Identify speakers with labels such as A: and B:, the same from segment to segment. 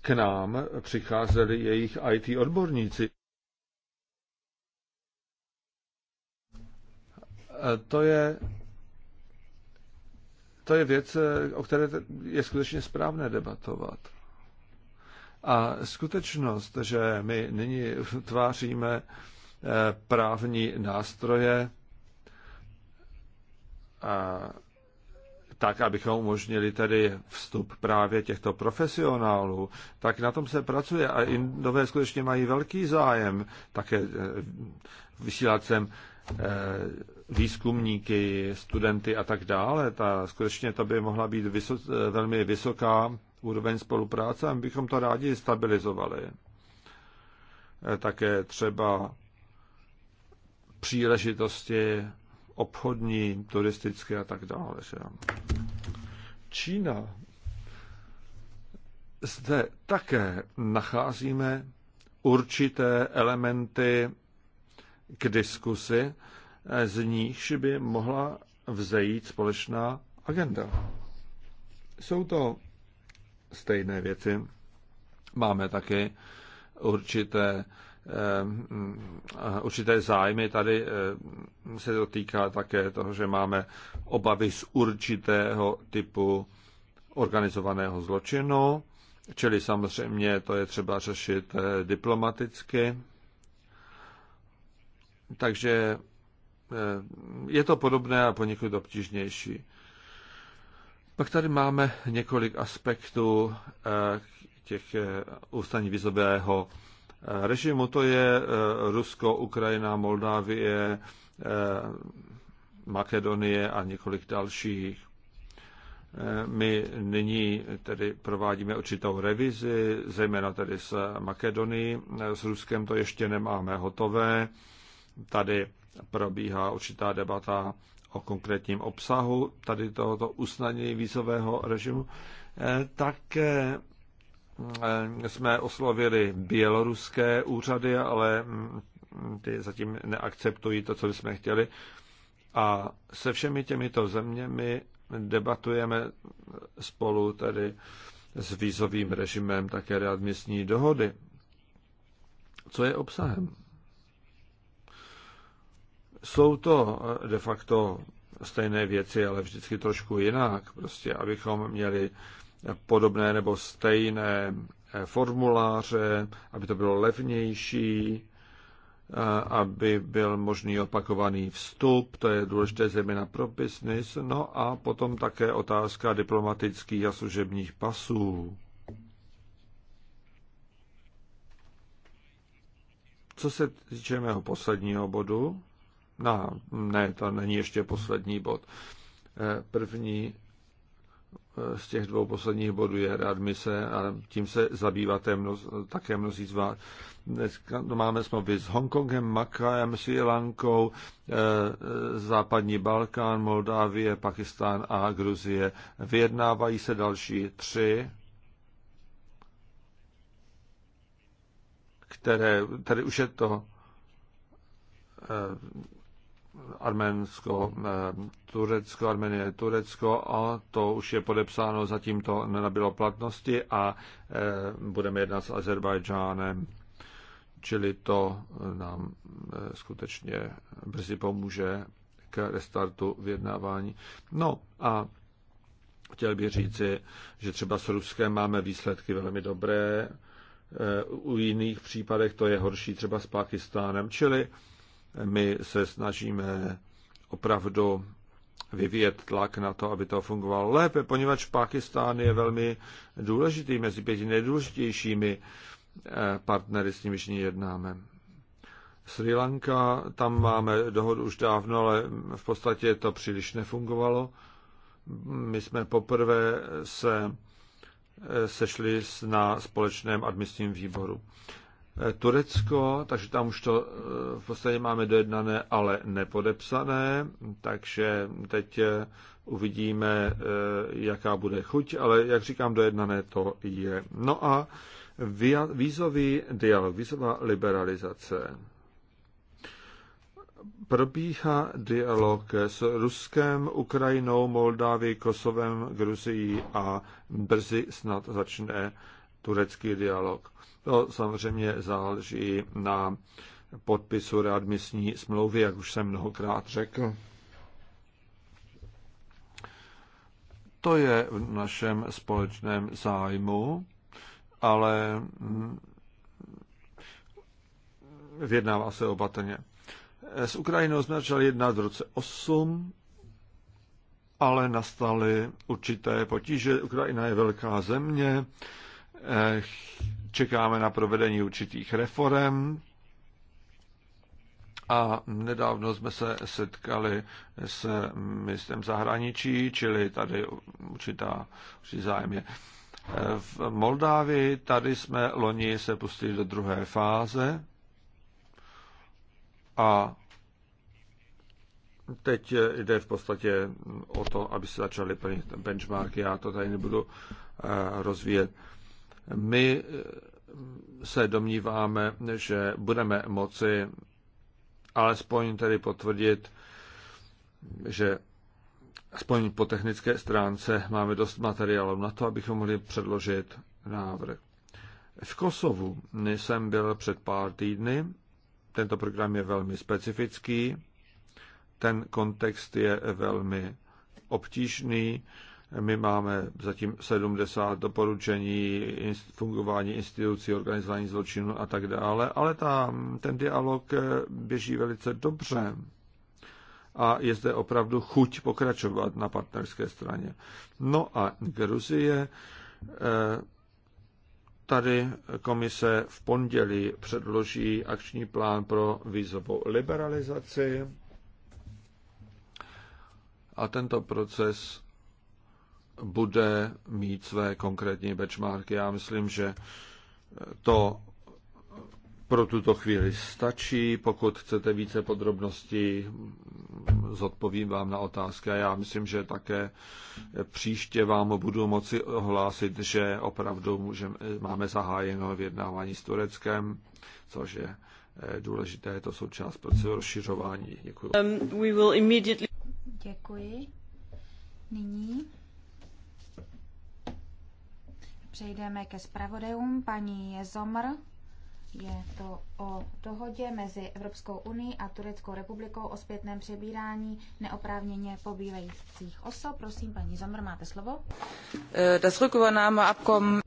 A: k nám přicházeli jejich IT odborníci. To je, to je věc, o které je skutečně správné debatovat. A skutečnost, že my nyní tváříme eh, právní nástroje, a tak abychom umožnili tedy vstup právě těchto profesionálů, tak na tom se pracuje a Indové skutečně mají velký zájem také eh, vysílat sem eh, výzkumníky, studenty a tak dále. Ta, skutečně to by mohla být vyso, eh, velmi vysoká úroveň spolupráce a my bychom to rádi stabilizovali. Také třeba příležitosti obchodní, turistické a tak dále. Že? Čína. Zde také nacházíme určité elementy k diskusi, z nichž by mohla vzejít společná agenda. Jsou to stejné věci. Máme taky určité Eh, určité zájmy. Tady eh, se to týká také toho, že máme obavy z určitého typu organizovaného zločinu, čili samozřejmě to je třeba řešit eh, diplomaticky. Takže je to podobné a poněkud obtížnější. Pak tady máme několik aspektů těch ústaní vizového režimu, to je eh, Rusko, Ukrajina, Moldávie, eh, Makedonie a několik dalších. Eh, my nyní tedy provádíme určitou revizi, zejména tedy s Makedonii. S Ruskem to ještě nemáme hotové. Tady probíhá určitá debata o konkrétním obsahu tady tohoto usnadnění vízového režimu. Také Eh, jsme oslovili běloruské úřady, ale mm, ty zatím neakceptují to, co bychom chtěli. A se všemi těmito zeměmi debatujeme spolu tedy s vízovým režimem také readmisní dohody. Co je obsahem? Jsou to eh, de facto stejné věci, ale vždycky trošku jinak, prostě abychom měli podobné nebo stejné eh, formuláře, aby to bylo levnější, eh, aby byl možný opakovaný vstup, to je důležité zejména pro biznis, no a potom také otázka diplomatických a služebních pasů. Co se týče mého posledního bodu, no, ne, to není ještě poslední bod. Eh, první z těch dvou posledních bodů je readmise a tím se zabýváte mnoz, také mnozí z vás. Dneska to máme smlouvy s Hongkongem, Makajem, Sri Lankou, eh, eh, Západní Balkán, Moldávie, Pakistán a Gruzie. Vyjednávají se další tři, které, tady už je to eh, Arménsko, eh, Turecko, Armenie, Turecko a to už je podepsáno, zatím to nenabilo platnosti a eh, budeme jednat s Azerbajdžánem, čili to eh, nám skutečně brzy pomůže k restartu vyjednávání. No a chtěl bych říci, že třeba s Ruskem máme výsledky velmi dobré, u jiných případech to je horší třeba s Pakistánem, čili my se snažíme opravdu vyvíjet tlak na to, aby to fungovalo lépe, poněvadž Pakistán je velmi důležitý, mezi pěti nejdůležitějšími eh, partnery, s nimiž jednáme. Sri Lanka, tam máme dohodu už dávno, ale v podstatě to příliš nefungovalo. My jsme poprvé se eh, sešli na společném admisním výboru. Eh, Turecko, takže tam už to eh, v podstatě máme dojednané, ale nepodepsané, takže teď eh, uvidíme, jaká bude chuť, ale jak říkám, dojednané to je. No a vízový dialog, vízová liberalizace. Probíhá dialog s Ruskem, Ukrajinou, Moldávií, Kosovem, Gruzií a brzy snad začne turecký dialog. To samozřejmě záleží na podpisu readmisní smlouvy, jak už jsem mnohokrát řekl. To je v našem společném zájmu, ale vyjednává se opatrně. S Ukrajinou jsme začali jednat v roce 8, ale nastaly určité potíže. Ukrajina je velká země, Eh, čekáme na provedení určitých reform a nedávno jsme se setkali s ministrem zahraničí, čili tady určitá, zájem je. Eh, v Moldávii tady jsme loni se pustili do druhé fáze a teď jde v podstatě o to, aby se začaly plnit benchmarky. Já to tady nebudu eh, rozvíjet. My eh, se domníváme, že budeme moci alespoň tedy potvrdit, že aspoň po technické stránce máme dost materiálu na to, abychom mohli předložit návrh. V Kosovu jsem byl před pár týdny. Tento program je velmi specifický. Ten kontext je velmi obtížný. My máme zatím 70 doporučení fungování institucí, organizování zločinu a tak dále, ale ta, ten dialog eh, běží velice dobře a je zde opravdu chuť pokračovat na partnerské straně. No a Gruzie, eh, tady komise v pondělí předloží akční plán pro vízovou liberalizaci a tento proces bude mít své konkrétní benchmarky. Já myslím, že to pro tuto chvíli stačí. Pokud chcete více podrobností, zodpovím vám na otázky. A já myslím, že také příště vám budu moci ohlásit, že opravdu můžeme, máme zahájeno vyjednávání s Tureckem, což je eh, důležité, je to součást procesu rozšiřování. Děkuji. Um, we will
B: immediately... Děkuji. Nyní přejdeme ke zpravodajům. Paní Jezomr, je to o dohodě mezi Evropskou unii a Tureckou republikou o zpětném přebírání neoprávněně pobývajících osob. Prosím, paní Zomr, máte slovo. Das Rückübernahmeabkommen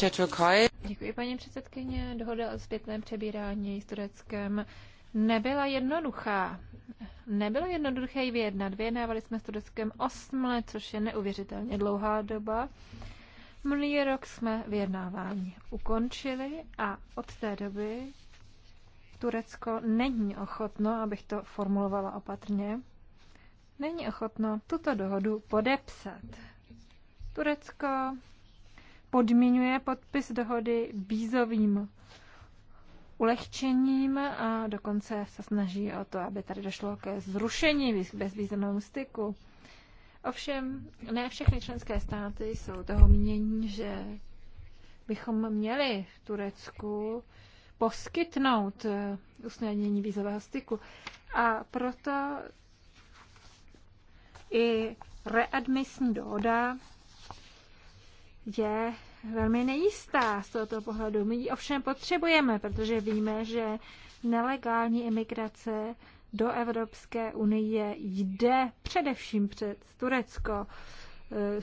B: der Türkei.
C: Děkuji, paní předsedkyně. Dohoda o zpětném přebírání s Tureckem nebyla jednoduchá. Nebylo jednoduché ji vyjednat. Vyjednávali jsme s Tureckem 8 let, což je neuvěřitelně dlouhá doba. Minulý rok jsme vyjednávání ukončili a od té doby Turecko není ochotno, abych to formulovala opatrně, není ochotno tuto dohodu podepsat. Turecko podmiňuje podpis dohody bízovým ulehčením a dokonce se snaží o to, aby tady došlo ke zrušení bezvízenému styku. Ovšem, ne všechny členské státy jsou toho mění, že bychom měli v Turecku poskytnout eh, usnadnění vízového styku. A proto i readmisní dohoda je velmi nejistá z tohoto pohledu. My ji ovšem potřebujeme, protože víme, že nelegální imigrace do Evropské unie jde především před Turecko. Eh,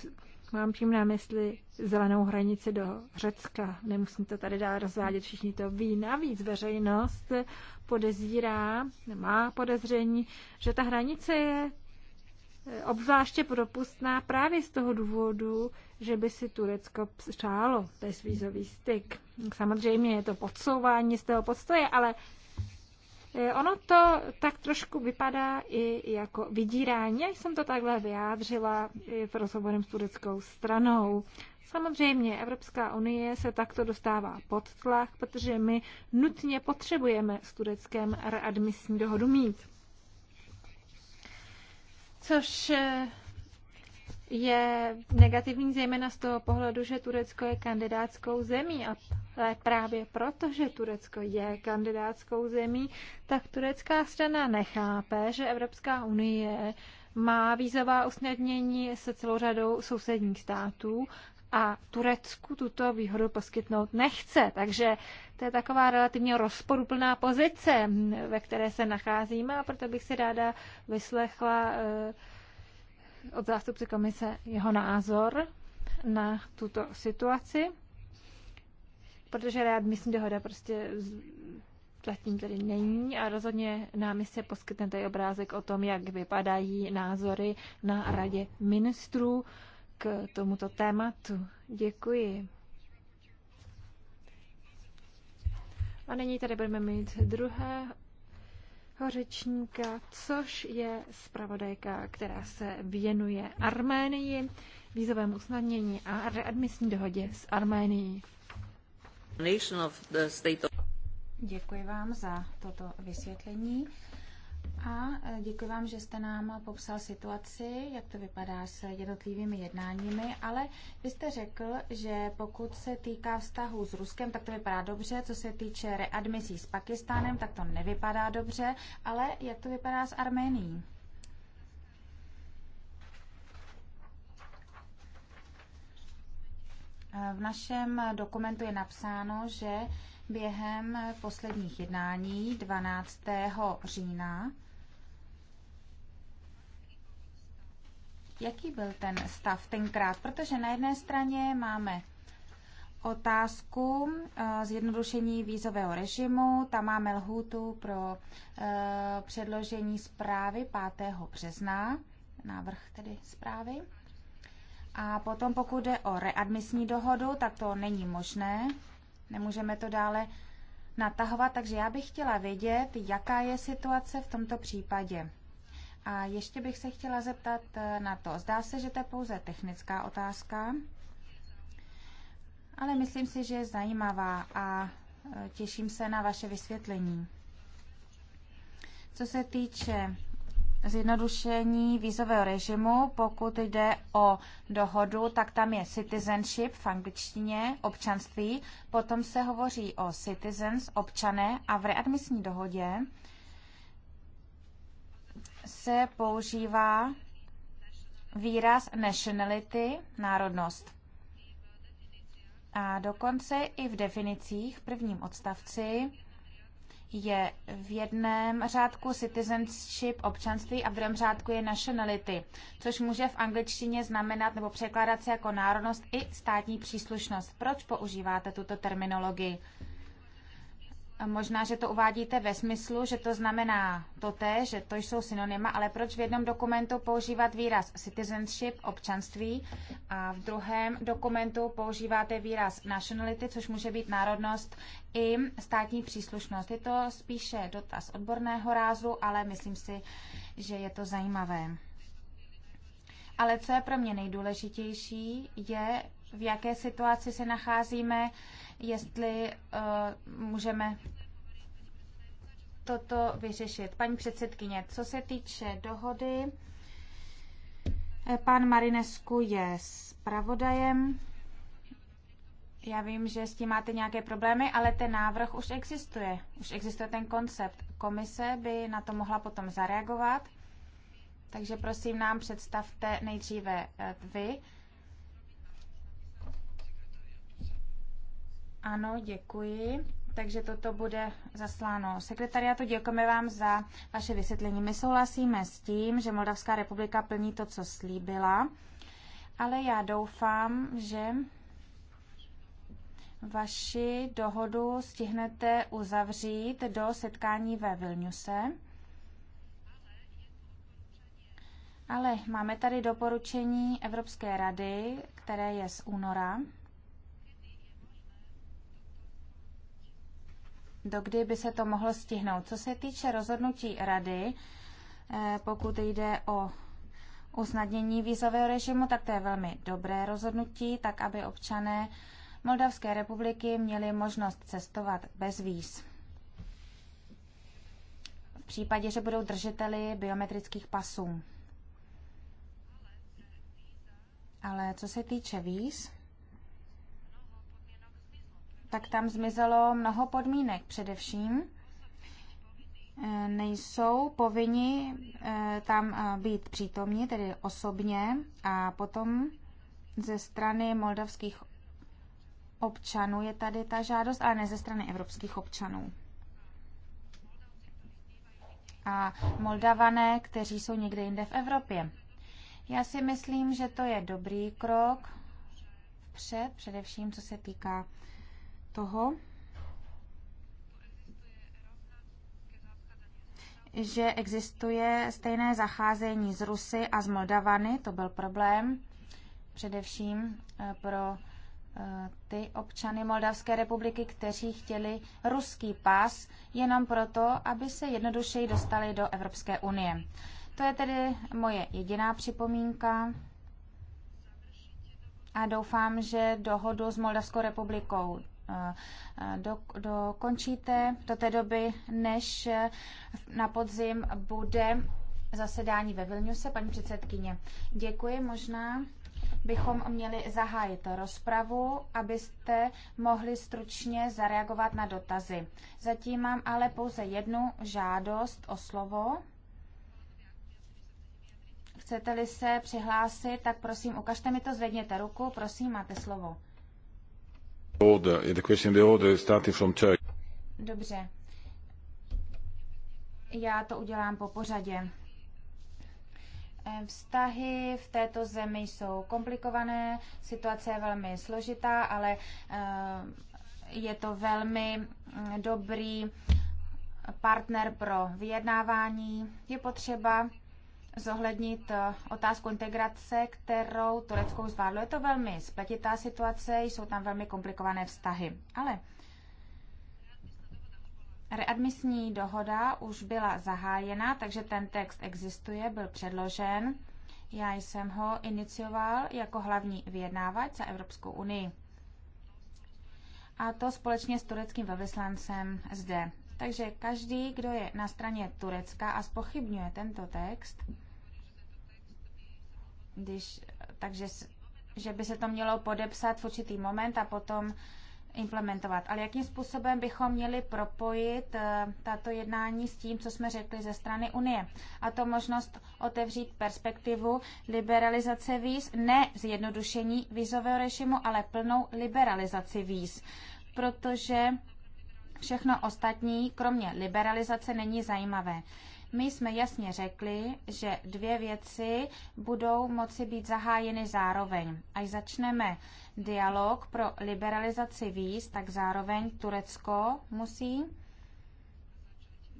C: mám tím na mysli zelenou hranici do Řecka. Nemusím to tady dál rozvádět, všichni to ví. Navíc veřejnost podezírá, má podezření, že ta hranice je eh, obzvláště propustná právě z toho důvodu, že by si Turecko přálo bezvízový styk. Samozřejmě je to podsouvání z toho podstoje, ale Eh, ono to tak trošku vypadá i jako vydírání. Já jsem to takhle vyjádřila eh, v rozhovorem s tureckou stranou. Samozřejmě Evropská unie se takto dostává pod tlak, protože my nutně potřebujeme s Tureckem readmisní dohodu mít. Což eh, je negativní zejména z toho pohledu, že Turecko je kandidátskou zemí a právě proto, že Turecko je kandidátskou zemí, tak turecká strana nechápe, že Evropská unie má vízová usnadnění se celou řadou sousedních států a Turecku tuto výhodu poskytnout nechce. Takže to je taková relativně rozporuplná pozice, ve které se nacházíme a proto bych si ráda vyslechla eh, od zástupce komise jeho názor na tuto situaci, protože rád myslím, dohoda prostě zatím tady není a rozhodně nám poskytne tady obrázek o tom, jak vypadají názory na radě ministrů k tomuto tématu. Děkuji. A nyní tady budeme mít druhé řečníka, což je zpravodajka, která se věnuje Arménii, vízovému usnadnění a readmisní dohodě s Arménií. Děkuji
B: vám za toto vysvětlení. A e, děkuji vám, že jste nám popsal situaci, jak to vypadá s jednotlivými jednáními, ale vy jste řekl, že pokud se týká vztahu s Ruskem, tak to vypadá dobře, co se týče readmisí s Pakistánem, tak to nevypadá dobře, ale jak to vypadá s Arménií? E, v našem dokumentu je napsáno, že během posledních jednání 12. října Jaký byl ten stav tenkrát? Protože na jedné straně máme otázku eh, zjednodušení vízového režimu. Tam máme lhůtu pro eh, předložení zprávy 5. března, návrh tedy zprávy. A potom pokud jde o readmisní dohodu, tak to není možné. Nemůžeme to dále natahovat, takže já bych chtěla vědět, jaká je situace v tomto případě. A ještě bych se chtěla zeptat eh, na to. Zdá se, že to je pouze technická otázka, ale myslím si, že je zajímavá a eh, těším se na vaše vysvětlení. Co se týče zjednodušení vízového režimu, pokud jde o dohodu, tak tam je citizenship v angličtině, občanství, potom se hovoří o citizens, občané a v readmisní dohodě se používá výraz nationality, národnost. A dokonce i v definicích v prvním odstavci je v jednom řádku citizenship občanství a v druhém řádku je nationality, což může v angličtině znamenat nebo překládat se jako národnost i státní příslušnost. Proč používáte tuto terminologii? Možná, že to uvádíte ve smyslu, že to znamená to té, že to jsou synonyma, ale proč v jednom dokumentu používat výraz citizenship, občanství, a v druhém dokumentu používáte výraz nationality, což může být národnost i státní příslušnost. Je to spíše dotaz odborného rázu, ale myslím si, že je to zajímavé. Ale co je pro mě nejdůležitější, je, v jaké situaci se nacházíme jestli uh, můžeme toto vyřešit. Paní předsedkyně, co se týče dohody, eh, pan Marinesku je zpravodajem. Já vím, že s tím máte nějaké problémy, ale ten návrh už existuje. Už existuje ten koncept. Komise by na to mohla potom zareagovat. Takže prosím nám představte nejdříve eh, vy Ano, děkuji. Takže toto bude zasláno sekretariátu. Děkujeme vám za vaše vysvětlení. My souhlasíme s tím, že Moldavská republika plní to, co slíbila, ale já doufám, že vaši dohodu stihnete uzavřít do setkání ve Vilniuse. Ale máme tady doporučení Evropské rady, které je z února. dokdy by se to mohlo stihnout. Co se týče rozhodnutí rady, eh, pokud jde o usnadnění vízového režimu, tak to je velmi dobré rozhodnutí, tak aby občané Moldavské republiky měli možnost cestovat bez víz. V případě, že budou držiteli biometrických pasů. Ale co se týče víz, tak tam zmizelo mnoho podmínek. Především eh, nejsou povinni eh, tam eh, být přítomní, tedy osobně, a potom ze strany moldavských občanů je tady ta žádost, ale ne ze strany evropských občanů. A moldavané, kteří jsou někde jinde v Evropě. Já si myslím, že to je dobrý krok vpřed, především co se týká toho, že existuje stejné zacházení z Rusy a z Moldavany, to byl problém, především eh, pro eh, ty občany Moldavské republiky, kteří chtěli ruský pas jenom proto, aby se jednodušeji dostali do Evropské unie. To je tedy moje jediná připomínka a doufám, že dohodu s Moldavskou republikou do, dokončíte do té doby, než na podzim bude zasedání ve Vilniuse. Paní předsedkyně, děkuji. Možná bychom měli zahájit rozpravu, abyste mohli stručně zareagovat na dotazy. Zatím mám ale pouze jednu žádost o slovo. Chcete-li se přihlásit, tak prosím, ukažte mi to, zvedněte ruku, prosím, máte slovo.
A: Order. The question the order starting from Turkey.
B: Dobře. Já to udělám po pořadě. Eh, vztahy v této zemi jsou komplikované, situace je velmi složitá, ale eh, je to velmi mm, dobrý partner pro vyjednávání. Je potřeba zohlednit eh, otázku integrace, kterou Turecko zvládlo. Je to velmi spletitá situace, jsou tam velmi komplikované vztahy. Ale readmisní dohoda už byla zahájena, takže ten text existuje, byl předložen. Já jsem ho inicioval jako hlavní vyjednávač za Evropskou unii. A to společně s tureckým velvyslancem zde. Takže každý, kdo je na straně Turecka a spochybňuje tento text, když, takže že by se to mělo podepsat v určitý moment a potom implementovat. Ale jakým způsobem bychom měli propojit eh, tato jednání s tím, co jsme řekli ze strany Unie? A to možnost otevřít perspektivu liberalizace víz, ne zjednodušení vízového režimu, ale plnou liberalizaci víz. Protože všechno ostatní, kromě liberalizace, není zajímavé. My jsme jasně řekli, že dvě věci budou moci být zahájeny zároveň. Až začneme dialog pro liberalizaci víz, tak zároveň Turecko musí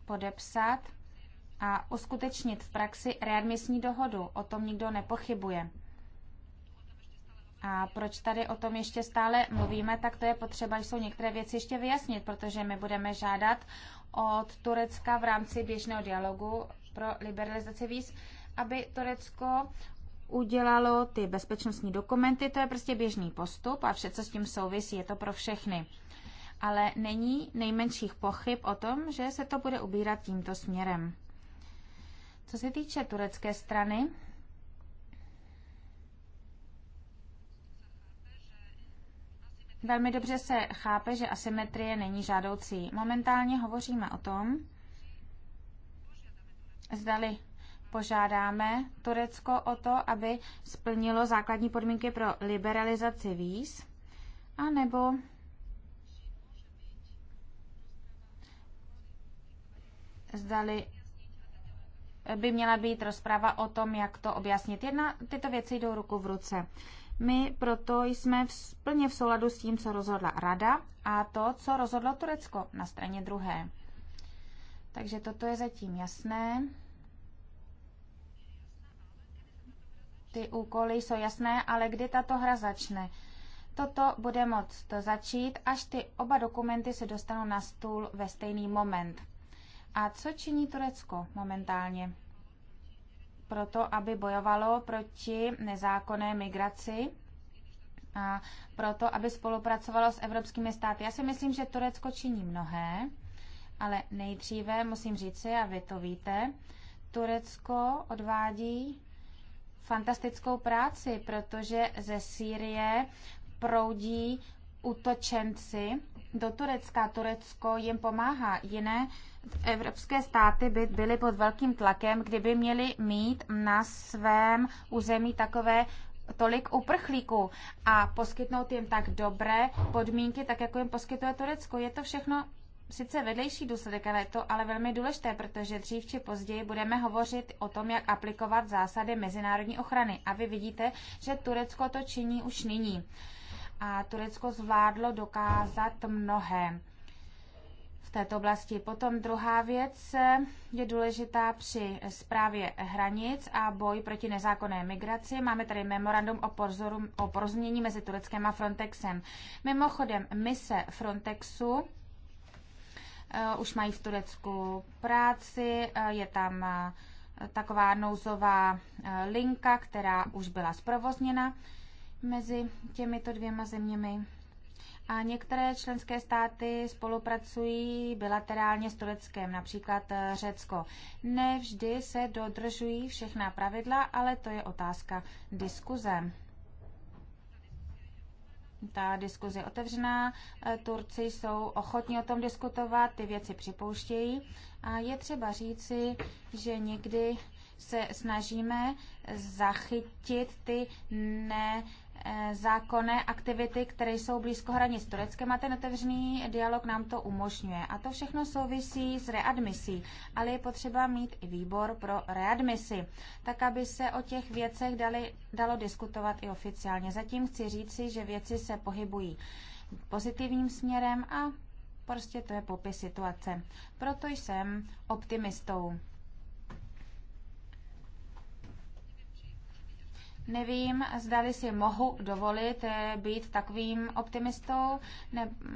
B: podepsat a uskutečnit v praxi readmisní dohodu. O tom nikdo nepochybuje. A proč tady o tom ještě stále mluvíme, tak to je potřeba, že jsou některé věci ještě vyjasnit, protože my budeme žádat od Turecka v rámci běžného dialogu pro liberalizaci víz, aby Turecko udělalo ty bezpečnostní dokumenty, to je prostě běžný postup a vše, co s tím souvisí, je to pro všechny. Ale není nejmenších pochyb o tom, že se to bude ubírat tímto směrem. Co se týče turecké strany, Velmi dobře se chápe, že asymetrie není žádoucí. Momentálně hovoříme o tom, zdali požádáme Turecko o to, aby splnilo základní podmínky pro liberalizaci víz, anebo zdali by měla být rozprava o tom, jak to objasnit. Jedna, tyto věci jdou ruku v ruce. My proto jsme v, plně v souladu s tím, co rozhodla Rada a to, co rozhodlo Turecko na straně druhé. Takže toto je zatím jasné. Ty úkoly jsou jasné, ale kdy tato hra začne? Toto bude moct začít, až ty oba dokumenty se dostanou na stůl ve stejný moment. A co činí Turecko momentálně? proto, aby bojovalo proti nezákonné migraci a proto, aby spolupracovalo s evropskými státy. Já si myslím, že Turecko činí mnohé, ale nejdříve musím říci, a vy to víte, Turecko odvádí fantastickou práci, protože ze Sýrie proudí utočenci, do Turecka. Turecko jim pomáhá. Jiné evropské státy by byly pod velkým tlakem, kdyby měly mít na svém území takové tolik uprchlíků a poskytnout jim tak dobré podmínky, tak jako jim poskytuje Turecko. Je to všechno sice vedlejší důsledek, ale je to ale velmi důležité, protože dřív či později budeme hovořit o tom, jak aplikovat zásady mezinárodní ochrany. A vy vidíte, že Turecko to činí už nyní a Turecko zvládlo dokázat mnohé v této oblasti. Potom druhá věc je důležitá při zprávě hranic a boji proti nezákonné migraci. Máme tady memorandum o, porzoru, o porozumění mezi Tureckem a Frontexem. Mimochodem, mise Frontexu eh, už mají v Turecku práci, eh, je tam eh, taková nouzová linka, která už byla zprovozněna mezi těmito dvěma zeměmi. A některé členské státy spolupracují bilaterálně s Tureckem, například eh, Řecko. Nevždy se dodržují všechna pravidla, ale to je otázka diskuze. Ta diskuze je otevřená, eh, Turci jsou ochotni o tom diskutovat, ty věci připouštějí. A je třeba říci, že někdy se snažíme zachytit ty ne Eh, zákonné aktivity, které jsou blízko hranic s Tureckem a ten otevřený dialog nám to umožňuje. A to všechno souvisí s readmisí, ale je potřeba mít i výbor pro readmisi, tak aby se o těch věcech dali, dalo diskutovat i oficiálně. Zatím chci říci, že věci se pohybují pozitivním směrem a prostě to je popis situace. Proto jsem optimistou. Nevím, zdali si mohu dovolit eh, být takovým optimistou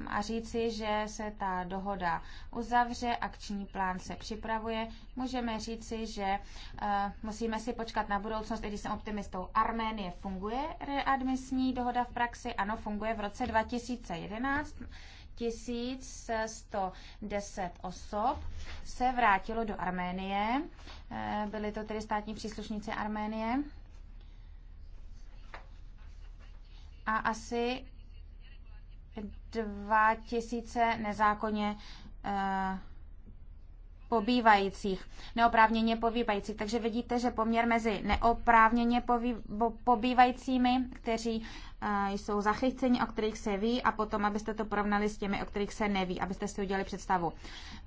B: a říci, že se ta dohoda uzavře, akční plán se připravuje. Můžeme říci, že eh, musíme si počkat na budoucnost, i když jsem optimistou. Arménie funguje readmisní dohoda v praxi? Ano, funguje v roce 2011. 1110 osob se vrátilo do Arménie. Eh, byli to tedy státní příslušníci Arménie. a asi 2000 nezákonně eh, pobývajících, neoprávněně pobývajících. Takže vidíte, že poměr mezi neoprávněně pobývajícími, kteří Eh, jsou zachycení, o kterých se ví, a potom, abyste to porovnali s těmi, o kterých se neví, abyste si udělali představu.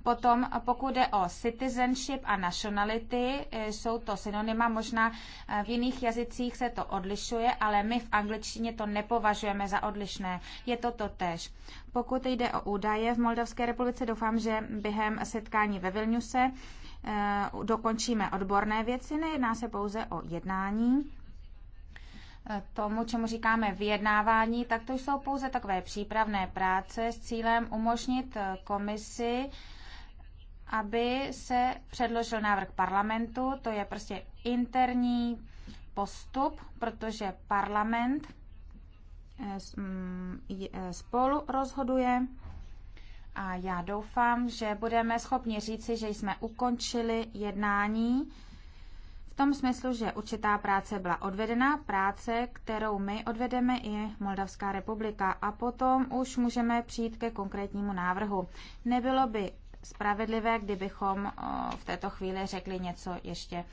B: Potom, pokud jde o citizenship a nationality, eh, jsou to synonyma, možná eh, v jiných jazycích se to odlišuje, ale my v angličtině to nepovažujeme za odlišné. Je to to tež. Pokud jde o údaje v Moldavské republice, doufám, že během setkání ve Vilniuse dokončíme odborné věci, nejedná se pouze o jednání tomu, čemu říkáme vyjednávání, tak to jsou pouze takové přípravné práce s cílem umožnit eh, komisi, aby se předložil návrh parlamentu. To je prostě interní postup, protože parlament eh, mm, eh, spolu rozhoduje. A já doufám, že budeme schopni říci, že jsme ukončili jednání v tom smyslu, že určitá práce byla odvedena, práce, kterou my odvedeme, i Moldavská republika a potom už můžeme přijít ke konkrétnímu návrhu. Nebylo by spravedlivé, kdybychom eh, v této chvíli řekli něco ještě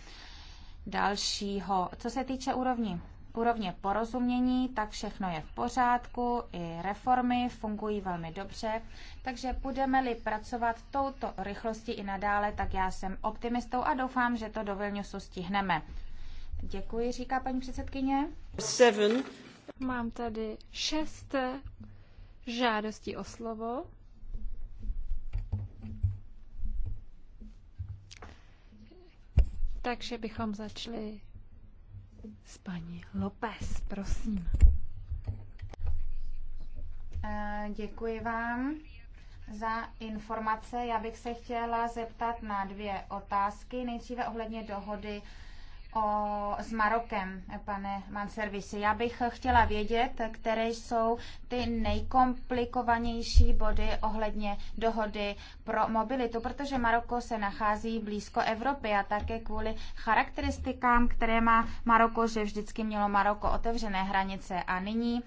B: dalšího. Co se týče úrovní úrovně porozumění, tak všechno je v pořádku, i reformy fungují velmi dobře, takže budeme-li pracovat touto rychlostí i nadále, tak já jsem optimistou a doufám, že to do Vilniusu stihneme.
C: Děkuji, říká paní předsedkyně. Seven. Mám tady šest žádostí o slovo. Takže bychom začali s paní López, prosím.
B: Eh, děkuji vám za informace. Já bych se chtěla zeptat na dvě otázky. Nejdříve ohledně dohody o, s Marokem, pane Manservisi. Já bych chtěla vědět, které jsou ty nejkomplikovanější body ohledně dohody pro mobilitu, protože Maroko se nachází blízko Evropy a také kvůli charakteristikám, které má Maroko, že vždycky mělo Maroko otevřené hranice a nyní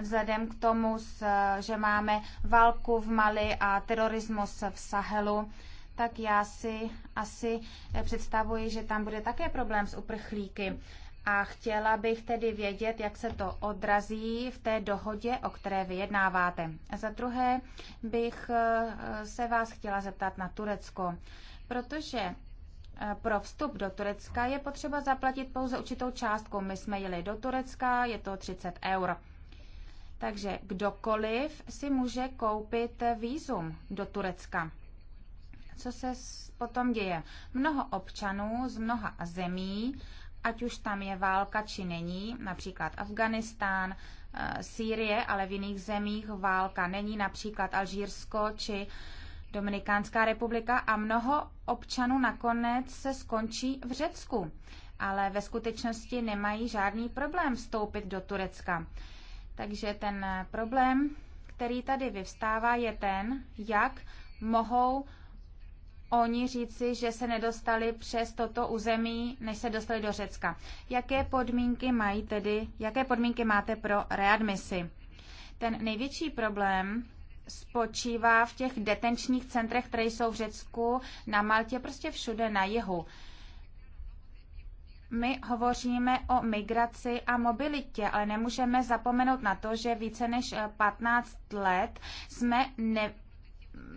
B: vzhledem k tomu, že máme válku v Mali a terorismus v Sahelu, tak já si asi eh, představuji, že tam bude také problém s uprchlíky. A chtěla bych tedy vědět, jak se to odrazí v té dohodě, o které vyjednáváte. A za druhé bych eh, se vás chtěla zeptat na Turecko, protože eh, pro vstup do Turecka je potřeba zaplatit pouze určitou částku. My jsme jeli do Turecka, je to 30 eur. Takže kdokoliv si může koupit výzum do Turecka co se potom děje. Mnoho občanů z mnoha zemí, ať už tam je válka či není, například Afganistán, eh, Sýrie, ale v jiných zemích válka není, například Alžírsko či Dominikánská republika a mnoho občanů nakonec se skončí v Řecku, ale ve skutečnosti nemají žádný problém vstoupit do Turecka. Takže ten problém, který tady vyvstává, je ten, jak mohou oni říci, že se nedostali přes toto území, než se dostali do Řecka. Jaké podmínky mají tedy, jaké podmínky máte pro readmisi? Ten největší problém spočívá v těch detenčních centrech, které jsou v Řecku, na Maltě, prostě všude na jihu. My hovoříme o migraci a mobilitě, ale nemůžeme zapomenout na to, že více než 15 let jsme ne,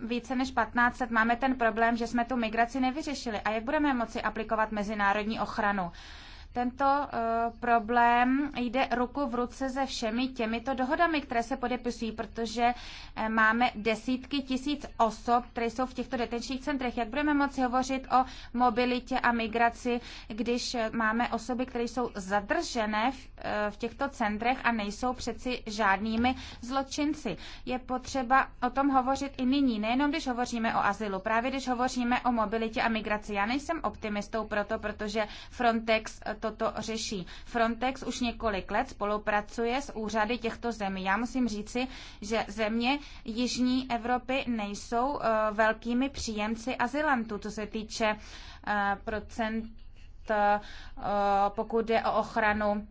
B: více než 15 let máme ten problém, že jsme tu migraci nevyřešili. A jak budeme moci aplikovat mezinárodní ochranu? Tento uh, problém jde ruku v ruce se všemi těmito dohodami, které se podepisují, protože uh, máme desítky tisíc osob, které jsou v těchto detenčních centrech. Jak budeme moci hovořit o mobilitě a migraci, když eh, máme osoby, které jsou zadržené v, uh, v těchto centrech a nejsou přeci žádnými zločinci? Je potřeba o tom hovořit i nyní, nejenom když hovoříme o azylu, právě když hovoříme o mobilitě a migraci. Já nejsem optimistou proto, protože Frontex toto řeší. Frontex už několik let spolupracuje s úřady těchto zemí. Já musím říci, že země Jižní Evropy nejsou eh, velkými příjemci azylantů, co se týče eh, procent eh, pokud jde o ochranu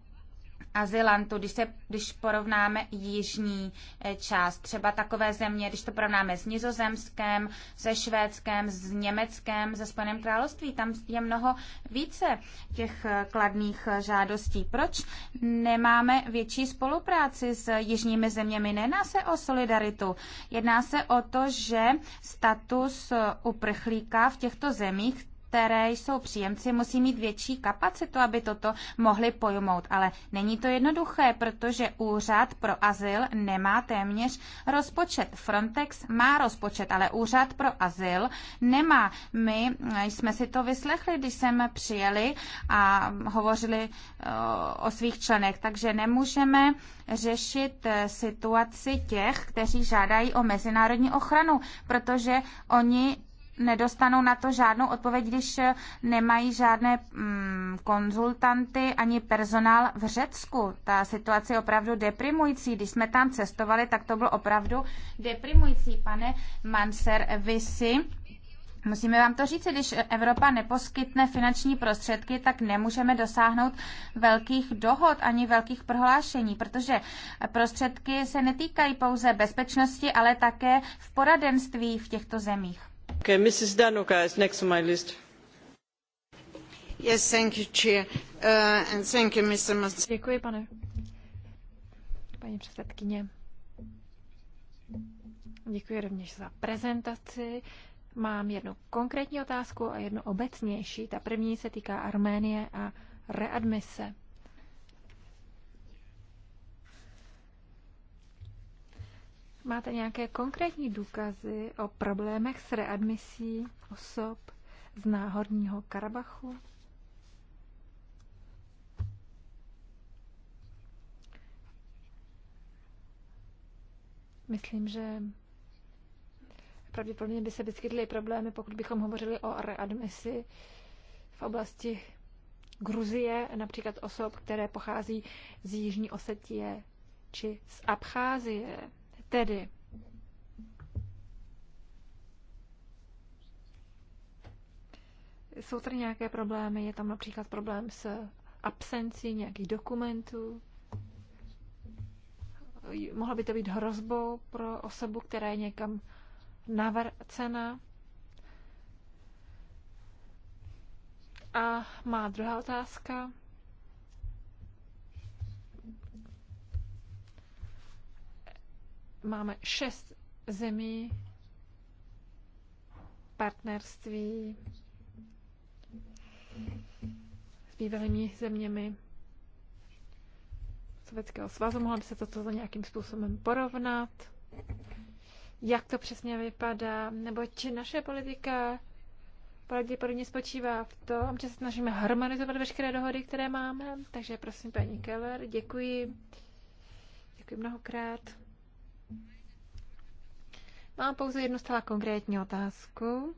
B: azylantů, když, se, když porovnáme jižní eh, část, třeba takové země, když to porovnáme s Nizozemskem, se Švédskem, s Německem, se Spojeném království, tam je mnoho více těch eh, kladných eh, žádostí. Proč nemáme větší spolupráci s jižními zeměmi? Nená se o solidaritu. Jedná se o to, že status uprchlíka v těchto zemích které jsou příjemci, musí mít větší kapacitu, aby toto mohli pojmout. Ale není to jednoduché, protože úřad pro azyl nemá téměř rozpočet. Frontex má rozpočet, ale úřad pro azyl nemá. My jsme si to vyslechli, když jsme přijeli a hovořili eh, o svých členech, takže nemůžeme řešit eh, situaci těch, kteří žádají o mezinárodní ochranu, protože oni nedostanou na to žádnou odpověď, když nemají žádné mm, konzultanty ani personál v Řecku. Ta situace je opravdu deprimující. Když jsme tam cestovali, tak to bylo opravdu deprimující. Pane Manser, Visi. Musíme vám to říct, když Evropa neposkytne finanční prostředky, tak nemůžeme dosáhnout velkých dohod ani velkých prohlášení, protože prostředky se netýkají pouze bezpečnosti, ale také v poradenství v těchto zemích.
C: Okay, Mrs. Danuka is next on my Děkuji, pane. Paní předsedkyně. Děkuji rovněž za prezentaci. Mám jednu konkrétní otázku a jednu obecnější. Ta první se týká Arménie a readmise. Máte nějaké konkrétní důkazy o problémech s readmisí osob z náhorního Karabachu? Myslím, že pravděpodobně by se vyskytly problémy, pokud bychom hovořili o readmisi v oblasti Gruzie, například osob, které pochází z Jižní Osetie či z Abcházie. Tedy jsou tady nějaké problémy, je tam například problém s absencí nějakých dokumentů. Mohla by to být hrozbou pro osobu, která je někam navrcena. A má druhá otázka. máme šest zemí partnerství s bývalými zeměmi Sovětského svazu. Mohlo by se toto nějakým způsobem porovnat? Jak to přesně vypadá? Neboť naše politika pravděpodobně spočívá v tom, že se snažíme harmonizovat veškeré dohody, které máme. Takže prosím, paní Keller, děkuji. Děkuji mnohokrát. Mám pouze jednu zcela konkrétní otázku.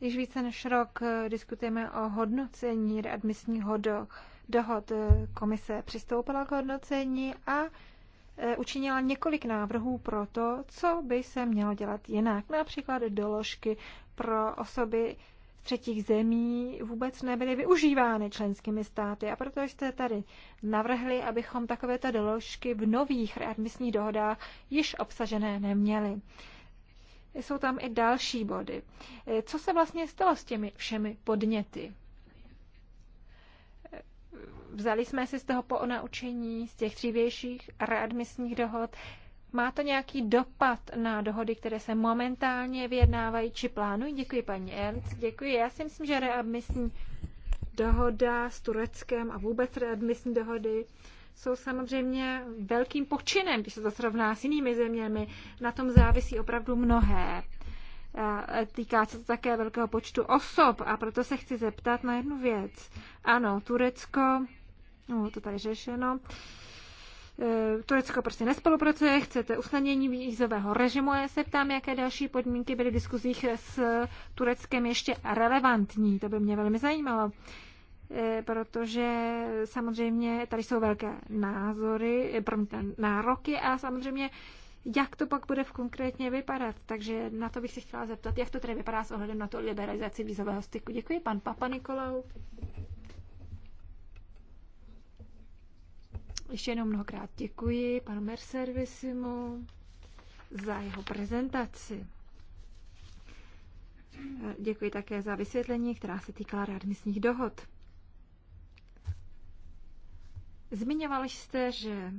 C: Již více než rok eh, diskutujeme o hodnocení readmisního do, dohod. Eh, komise přistoupila k hodnocení a eh, učinila několik návrhů pro to, co by se mělo dělat jinak. Například doložky pro osoby třetích zemí vůbec nebyly využívány členskými státy. A proto jste tady navrhli, abychom takovéto doložky v nových readmisních dohodách již obsažené neměli. Jsou tam i další body. Co se vlastně stalo s těmi všemi podněty? Vzali jsme si z toho po naučení z těch dřívějších readmisních dohod. Má to nějaký dopad na dohody, které se momentálně vyjednávají či plánují? Děkuji, paní Ernst. Děkuji. Já si myslím, že readmisní dohoda s Tureckem a vůbec readmisní dohody jsou samozřejmě velkým počinem, když se to srovná s jinými zeměmi. Na tom závisí opravdu mnohé. Týká se to také velkého počtu osob a proto se chci zeptat na jednu věc. Ano, Turecko, no, to tady řešeno, uh, Eh, Turecko prostě nespolupracuje, chcete usnadnění vízového režimu. Já se ptám, jaké další podmínky byly v diskuzích s Tureckem ještě relevantní. To by mě velmi zajímalo eh, protože samozřejmě tady jsou velké názory, eh, nároky a samozřejmě jak to pak bude v konkrétně vypadat. Takže na to bych se chtěla zeptat, jak to tedy vypadá s ohledem na to liberalizaci vízového styku. Děkuji, pan Papa Nikolau. Ještě jenom mnohokrát děkuji panu Merservisimu za jeho prezentaci. Děkuji také za vysvětlení, která se týkala readmisních dohod. Zmiňovali jste, že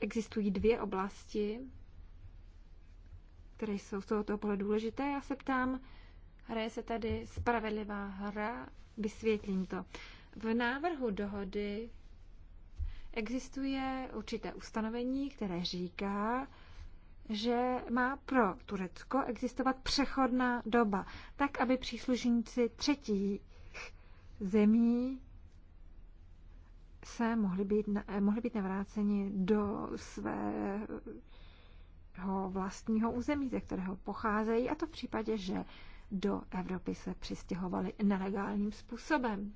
C: existují dvě oblasti, které jsou z tohoto pohledu důležité. Já se ptám, hraje se tady spravedlivá hra, vysvětlím to. V návrhu dohody existuje určité ustanovení, které říká, že má pro Turecko existovat přechodná doba, tak aby příslušníci třetích zemí se mohli být, eh, mohli být navráceni do svého vlastního území, ze kterého pocházejí, a to v případě, že do Evropy se přistěhovali nelegálním způsobem.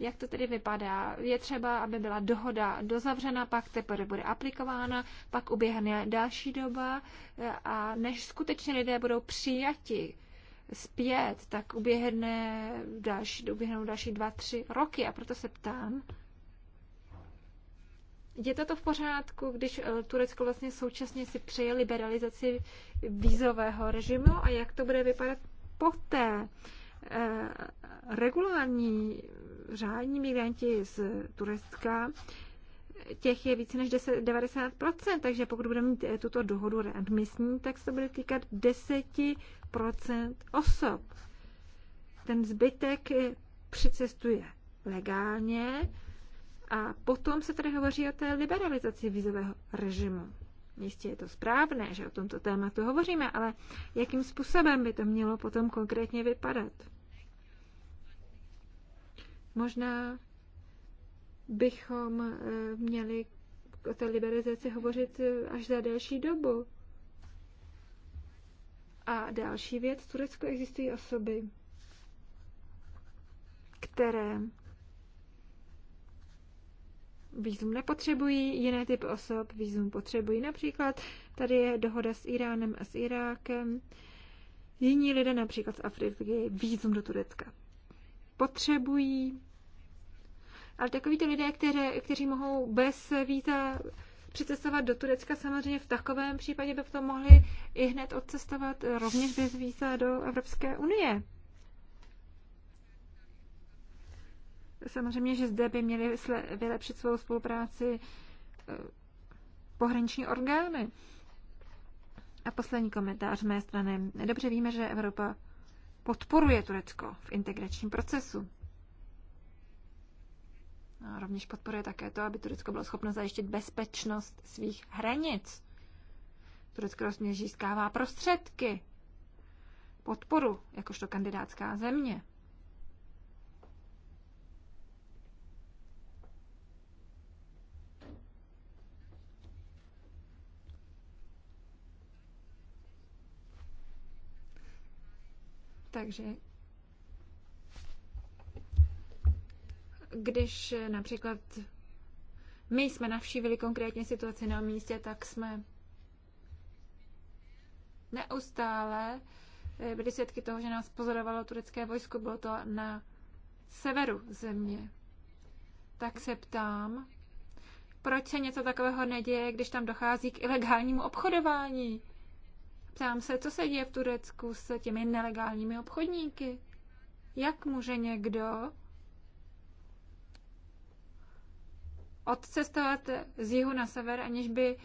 C: Jak to tedy vypadá? Je třeba, aby byla dohoda dozavřena, pak teprve bude aplikována, pak uběhne další doba eh, a než skutečně lidé budou přijati zpět, tak uběhne další, uběhnou další dva, tři roky. A proto se ptám, je to, v pořádku, když eh, Turecko vlastně současně si přeje liberalizaci vízového režimu a jak to bude vypadat poté? Eh, regulární řádní migranti z Turecka, těch je více než 10, 90%, takže pokud budeme mít eh, tuto dohodu readmisní, tak se to bude týkat 10% osob. Ten zbytek eh, přicestuje legálně a potom se tady hovoří o té liberalizaci vízového režimu. Jistě je to správné, že o tomto tématu hovoříme, ale jakým způsobem by to mělo potom konkrétně vypadat? Možná bychom eh, měli o té liberalizaci hovořit eh, až za delší dobu. A další věc, v Turecku existují osoby, které výzum nepotřebují, jiné typy osob výzum potřebují. Například tady je dohoda s Iránem a s Irákem. Jiní lidé například z Afriky výzum do Turecka potřebují. Ale takoví ty lidé, kteři, kteří mohou bez víza přicestovat do Turecka, samozřejmě v takovém případě by potom mohli i hned odcestovat eh, rovněž bez víza do Evropské unie. Samozřejmě, že zde by měli vylepšit svou spolupráci eh, pohraniční orgány. A poslední komentář z mé strany. Dobře víme, že Evropa podporuje Turecko v integračním procesu. A rovněž podporuje také to, aby Turecko bylo schopno zajištit bezpečnost svých hranic. Turecko rovněž získává prostředky, podporu jakožto kandidátská země. Takže když například my jsme navštívili konkrétně situaci na místě, tak jsme neustále byli svědky toho, že nás pozorovalo turecké vojsko, bylo to na severu země. Tak se ptám, proč se něco takového neděje, když tam dochází k ilegálnímu obchodování? Ptám se, co se děje v Turecku s těmi nelegálními obchodníky? Jak může někdo odcestovat z jihu na sever, aniž by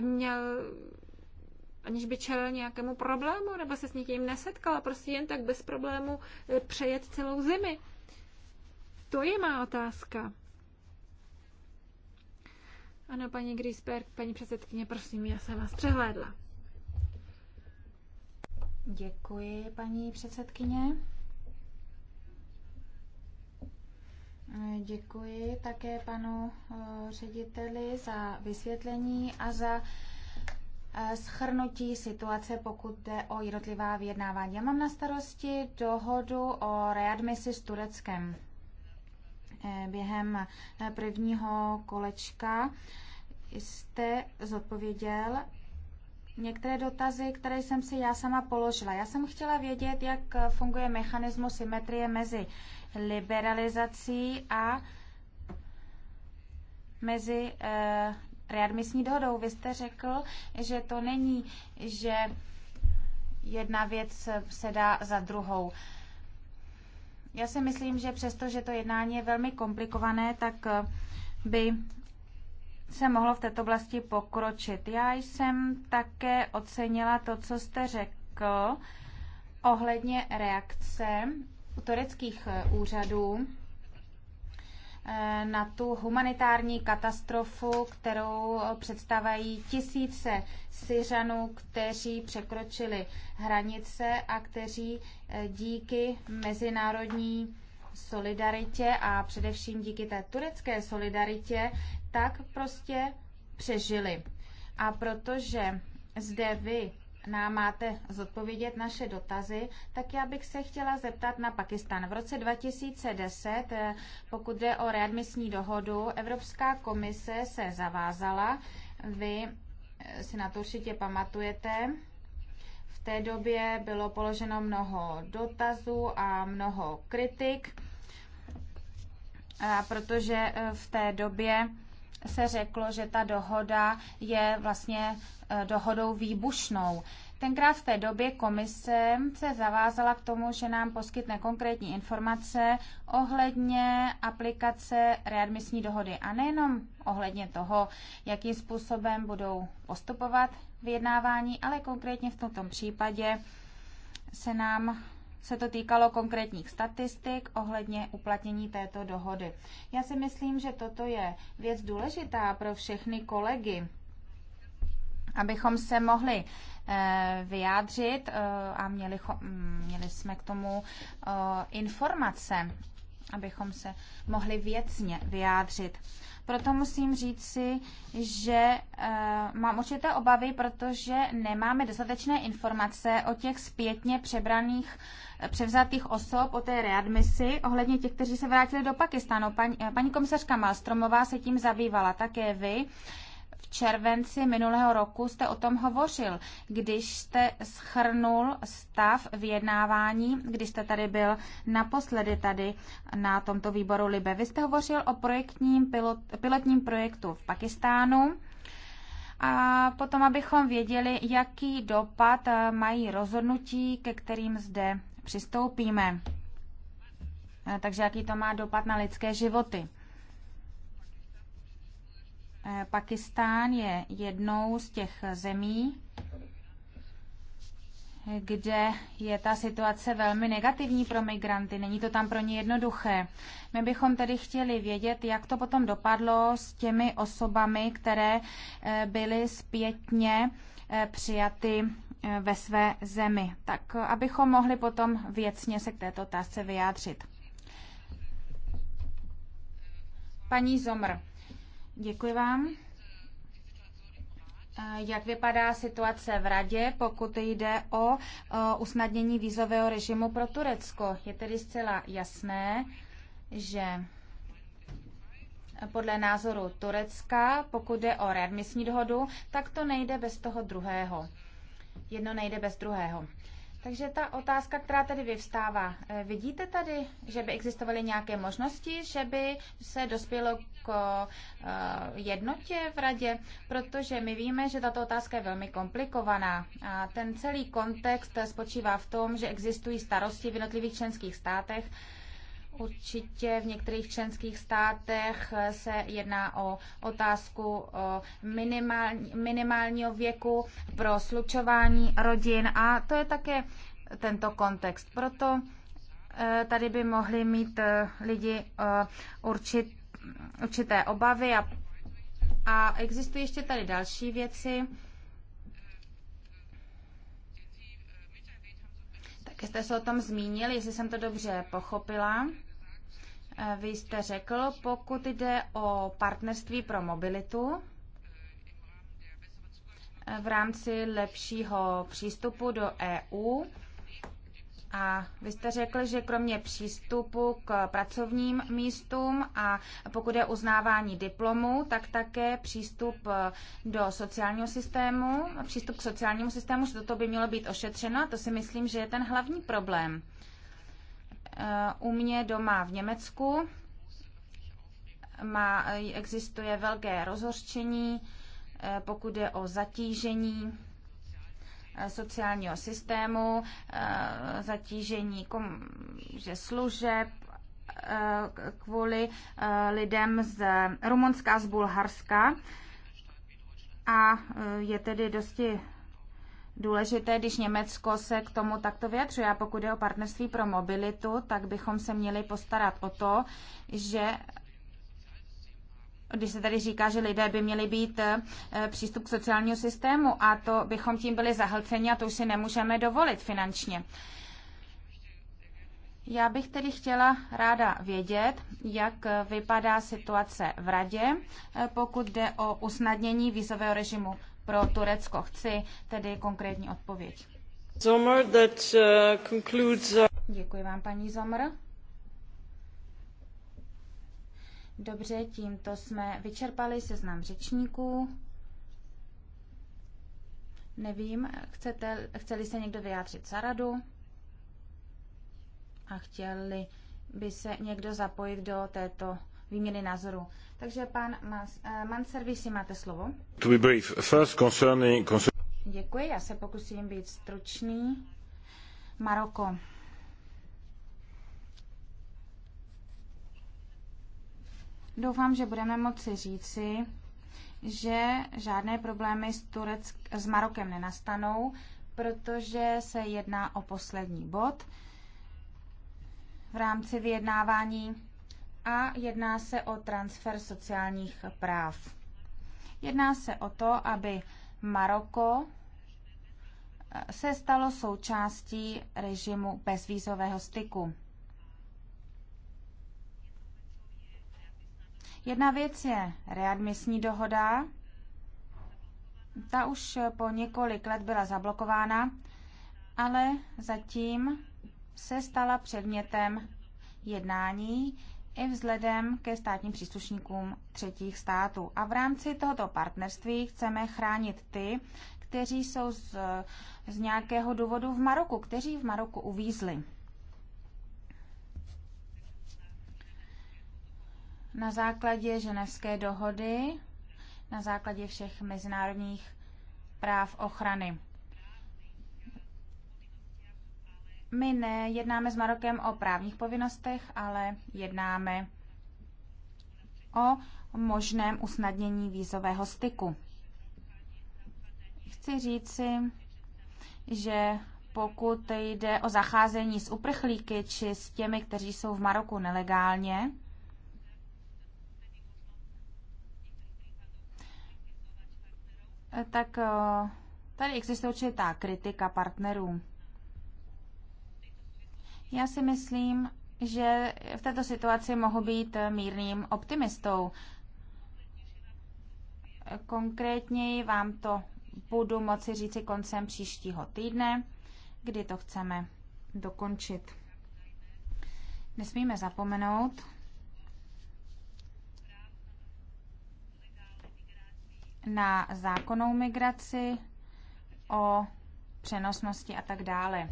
C: měl aniž by čelil nějakému problému nebo se s někým nesetkal a prostě jen tak bez problému eh, přejet celou zemi. To je má otázka. Ano, paní Grisberg, paní předsedkyně, prosím, já jsem vás přehlédla. Děkuji, paní předsedkyně.
B: Děkuji také panu eh, řediteli za vysvětlení a za eh, schrnutí situace, pokud jde o jednotlivá vyjednávání. Já mám na starosti dohodu o readmisi s Tureckem. Eh, během prvního kolečka jste zodpověděl, některé dotazy, které jsem si já sama položila. Já jsem chtěla vědět, jak funguje mechanismus symetrie mezi liberalizací a mezi eh, readmisní dohodou. Vy jste řekl, že to není, že jedna věc se dá za druhou. Já si myslím, že přesto, že to jednání je velmi komplikované, tak by se mohlo v této oblasti pokročit. Já jsem také ocenila to, co jste řekl ohledně reakce tureckých eh, úřadů eh, na tu humanitární katastrofu, kterou představají tisíce Syřanů, kteří překročili hranice a kteří eh, díky mezinárodní solidaritě a především díky té turecké solidaritě tak prostě přežili. A protože zde vy nám máte zodpovědět naše dotazy, tak já bych se chtěla zeptat na Pakistan. V roce 2010, eh, pokud jde o readmisní dohodu, Evropská komise se zavázala, vy eh, si na to určitě pamatujete, v té době bylo položeno mnoho dotazů a mnoho kritik, protože eh, v té době se řeklo, že ta dohoda je vlastně eh, dohodou výbušnou. Tenkrát v té době komise se zavázala k tomu, že nám poskytne konkrétní informace ohledně aplikace readmisní dohody a nejenom ohledně toho, jakým způsobem budou postupovat vyjednávání, ale konkrétně v tomto případě se nám se to týkalo konkrétních statistik ohledně uplatnění této dohody. Já si myslím, že toto je věc důležitá pro všechny kolegy, abychom se mohli eh, vyjádřit eh, a měli, mm, měli jsme k tomu eh, informace, abychom se mohli věcně vyjádřit. Proto musím říct si, že eh, mám určité obavy, protože nemáme dostatečné informace o těch zpětně přebraných, eh, převzatých osob, o té readmisi, ohledně těch, kteří se vrátili do Pakistánu. Paní, eh, paní komisařka Malstromová se tím zabývala také vy. V červenci minulého roku jste o tom hovořil, když jste schrnul stav vyjednávání, když jste tady byl naposledy tady na tomto výboru Libe. Vy jste hovořil o projektním pilot, pilotním projektu v Pakistánu a potom, abychom věděli, jaký dopad eh, mají rozhodnutí, ke kterým zde přistoupíme. Eh, takže jaký to má dopad na lidské životy. Eh, Pakistán je jednou z těch zemí, kde je ta situace velmi negativní pro migranty. Není to tam pro ně jednoduché. My bychom tedy chtěli vědět, jak to potom dopadlo s těmi osobami, které eh, byly zpětně eh, přijaty ve své zemi. Tak abychom mohli potom věcně se k této otázce vyjádřit. Paní Zomr. Děkuji vám. E, jak vypadá situace v Radě, pokud jde o e, usnadnění vízového režimu pro Turecko? Je tedy zcela jasné, že podle názoru Turecka, pokud jde o readmisní dohodu, tak to nejde bez toho druhého. Jedno nejde bez druhého. Takže ta otázka, která tady vyvstává, eh, vidíte tady, že by existovaly nějaké možnosti, že by se dospělo k eh, jednotě v radě, protože my víme, že tato otázka je velmi komplikovaná. A ten celý kontext eh, spočívá v tom, že existují starosti v jednotlivých členských státech, Určitě v některých členských státech se jedná o otázku o minimální, minimálního věku pro slučování rodin a to je také tento kontext. Proto eh, tady by mohli mít eh, lidi eh, určit, určité obavy a, a existují ještě tady další věci. jste se o tom zmínil, jestli jsem to dobře pochopila. Eh, vy jste řekl, pokud jde o partnerství pro mobilitu, eh, v rámci lepšího přístupu do EU a vy jste řekl, že kromě přístupu k pracovním místům a pokud je uznávání diplomu, tak také přístup eh, do sociálního systému, přístup k sociálnímu systému, že toto by mělo být ošetřeno. A to si myslím, že je ten hlavní problém. Eh, u mě doma v Německu má, eh, existuje velké rozhořčení, pokud je o zatížení Eh, sociálního systému, eh, zatížení že služeb eh, kvůli lidem z Rumunska z Bulharska. A je tedy dosti důležité, když Německo se k tomu takto vyjadřuje. A pokud je o partnerství pro mobilitu, tak bychom se měli postarat o to, že když se tady říká, že lidé by měli být eh, přístup k sociálnímu systému a to bychom tím byli zahlceni a to už si nemůžeme dovolit finančně. Já bych tedy chtěla ráda vědět, jak eh, vypadá situace v Radě, eh, pokud jde o usnadnění vízového režimu pro Turecko. Chci tedy konkrétní odpověď. Zomer, that, uh, concludes... Děkuji vám, paní Zomr. Dobře, tímto jsme vyčerpali seznam řečníků. Nevím, chcete, chceli se někdo vyjádřit za radu? A chtěli by se někdo zapojit do této výměny názoru. Takže pan eh, Manservi, si máte slovo.
A: To be brief. First concerning, concerning...
B: Děkuji, já se pokusím být stručný. Maroko. Doufám, že budeme moci říci, že žádné problémy s, Tureck, s Marokem nenastanou, protože se jedná o poslední bod v rámci vyjednávání a jedná se o transfer sociálních práv. Jedná se o to, aby Maroko eh, se stalo součástí režimu bezvízového styku. Jedna věc je readmisní dohoda. Ta už po několik let byla zablokována, ale zatím se stala předmětem jednání i vzhledem ke státním příslušníkům třetích států. A v rámci tohoto partnerství chceme chránit ty, kteří jsou z, z nějakého důvodu v Maroku, kteří v Maroku uvízli. Na základě ženevské dohody, na základě všech mezinárodních práv ochrany. My nejednáme s Marokem o právních povinnostech, ale jednáme o možném usnadnění vízového styku. Chci říci, že pokud jde o zacházení s uprchlíky či s těmi, kteří jsou v Maroku nelegálně, tak eh, tady existuje určitá kritika partnerů. Já si myslím, že v této situaci mohu být mírným optimistou. Konkrétněji vám to budu moci říci koncem příštího týdne, kdy to chceme dokončit. Nesmíme zapomenout, na zákonnou migraci, o přenosnosti a tak dále.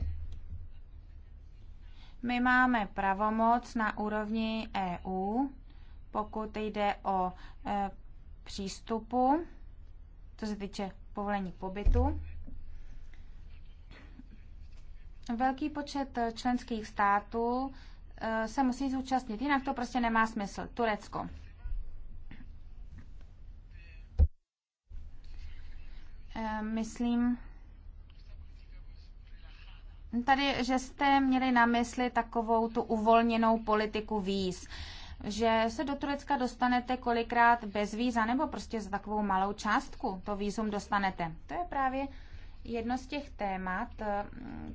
B: My máme pravomoc na úrovni EU, pokud jde o e, přístupu, co se týče povolení pobytu. Velký počet členských států e, se musí zúčastnit, jinak to prostě nemá smysl. Turecko. Eh, myslím, tady, že jste měli na mysli takovou tu uvolněnou politiku víz že se do Turecka dostanete kolikrát bez víza nebo prostě za takovou malou částku to vízum dostanete. To je právě jedno z těch témat, eh,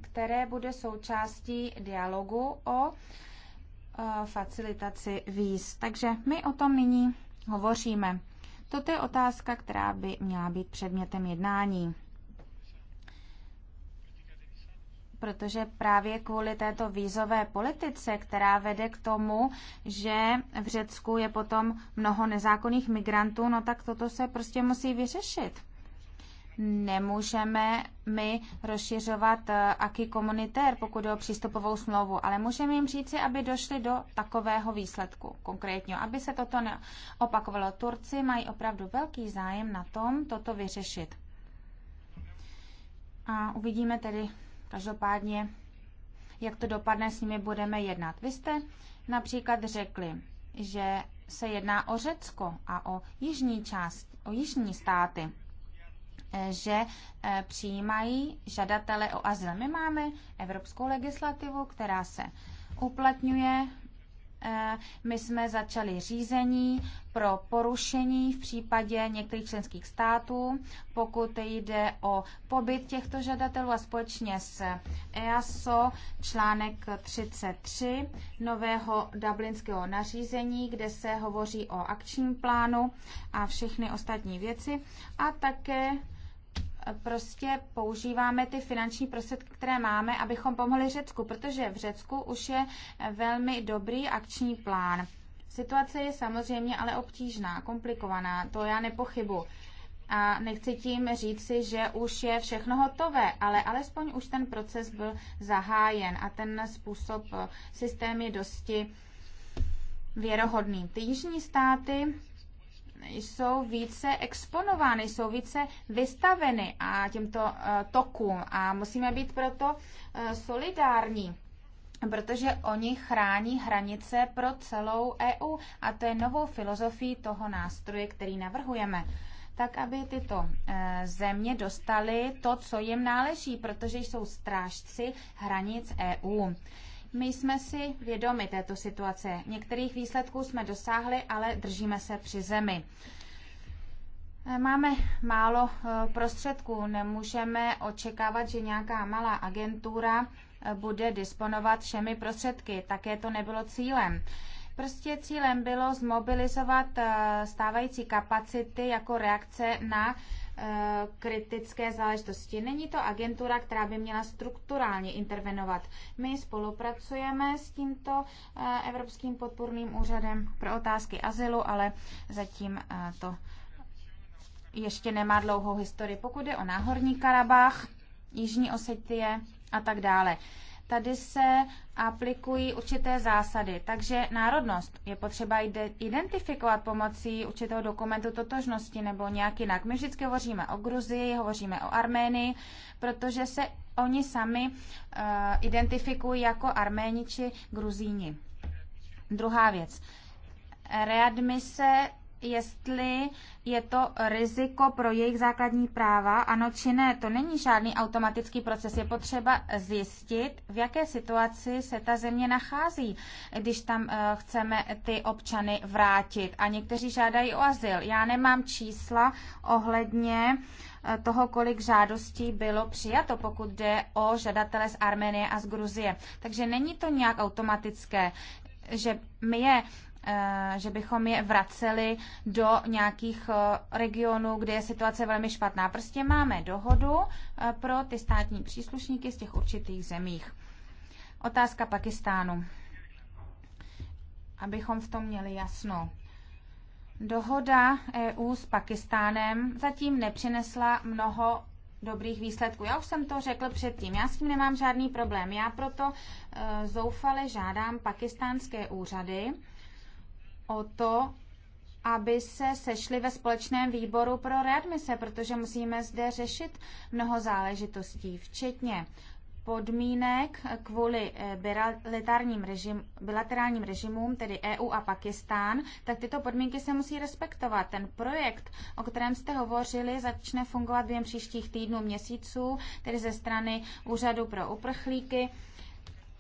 B: které bude součástí dialogu o eh, facilitaci víz. Takže my o tom nyní hovoříme. Toto je otázka, která by měla být předmětem jednání. protože právě kvůli této vízové politice, která vede k tomu, že v Řecku je potom mnoho nezákonných migrantů, no tak toto se prostě musí vyřešit nemůžeme my rozšiřovat eh, aký komunitér, pokud je o přístupovou smlouvu, ale můžeme jim říci, aby došli do takového výsledku konkrétně, aby se toto neopakovalo. Turci mají opravdu velký zájem na tom toto vyřešit. A uvidíme tedy každopádně, jak to dopadne, s nimi budeme jednat. Vy jste například řekli, že se jedná o Řecko a o jižní část, o jižní státy že eh, přijímají žadatele o azyl. My máme evropskou legislativu, která se uplatňuje. Eh, my jsme začali řízení pro porušení v případě některých členských států, pokud jde o pobyt těchto žadatelů a společně s EASO článek 33 nového dublinského nařízení, kde se hovoří o akčním plánu a všechny ostatní věci a také prostě používáme ty finanční prostředky, které máme, abychom pomohli Řecku, protože v Řecku už je velmi dobrý akční plán. Situace je samozřejmě ale obtížná, komplikovaná, to já nepochybu. A nechci tím říct si, že už je všechno hotové, ale alespoň už ten proces byl zahájen a ten způsob eh, systém je dosti věrohodný. Ty jižní státy jsou více exponovány, jsou více vystaveny a těmto eh, tokům a musíme být proto eh, solidární protože oni chrání hranice pro celou EU a to je novou filozofií toho nástroje, který navrhujeme tak aby tyto eh, země dostaly to, co jim náleží, protože jsou strážci hranic EU. My jsme si vědomi této situace. Některých výsledků jsme dosáhli, ale držíme se při zemi. E, máme málo e, prostředků, nemůžeme očekávat, že nějaká malá agentura e, bude disponovat všemi prostředky. Také to nebylo cílem. Prostě cílem bylo zmobilizovat stávající kapacity jako reakce na Eh, kritické záležitosti. Není to agentura, která by měla strukturálně intervenovat. My spolupracujeme s tímto eh, Evropským podporným úřadem pro otázky azylu, ale zatím eh, to ještě nemá dlouhou historii. Pokud je o Náhorní Karabách, Jižní Osetie a tak dále. Tady se aplikují určité zásady, takže národnost je potřeba identifikovat pomocí určitého dokumentu totožnosti nebo nějak jinak. My vždycky hovoříme o Gruzii, hovoříme o Arménii, protože se oni sami uh, identifikují jako Arméni či Gruzíni. Druhá věc. Readmise jestli je to riziko pro jejich základní práva, ano či ne. To není žádný automatický proces. Je potřeba zjistit, v jaké situaci se ta země nachází, když tam eh, chceme ty občany vrátit. A někteří žádají o azyl. Já nemám čísla ohledně eh, toho, kolik žádostí bylo přijato, pokud jde o žadatele z Arménie a z Gruzie. Takže není to nějak automatické že my je Eh, že bychom je vraceli do nějakých eh, regionů, kde je situace velmi špatná. Prostě máme dohodu eh, pro ty státní příslušníky z těch určitých zemích. Otázka Pakistánu. Abychom v tom měli jasno. Dohoda EU s Pakistánem zatím nepřinesla mnoho dobrých výsledků. Já už jsem to řekl předtím, já s tím nemám žádný problém. Já proto e, zoufale žádám pakistánské úřady, o to, aby se sešli ve společném výboru pro readmise, protože musíme zde řešit mnoho záležitostí, včetně podmínek kvůli eh, režim, bilaterálním režimům, tedy EU a Pakistán, tak tyto podmínky se musí respektovat. Ten projekt, o kterém jste hovořili, začne fungovat během příštích týdnů, měsíců, tedy ze strany Úřadu pro uprchlíky.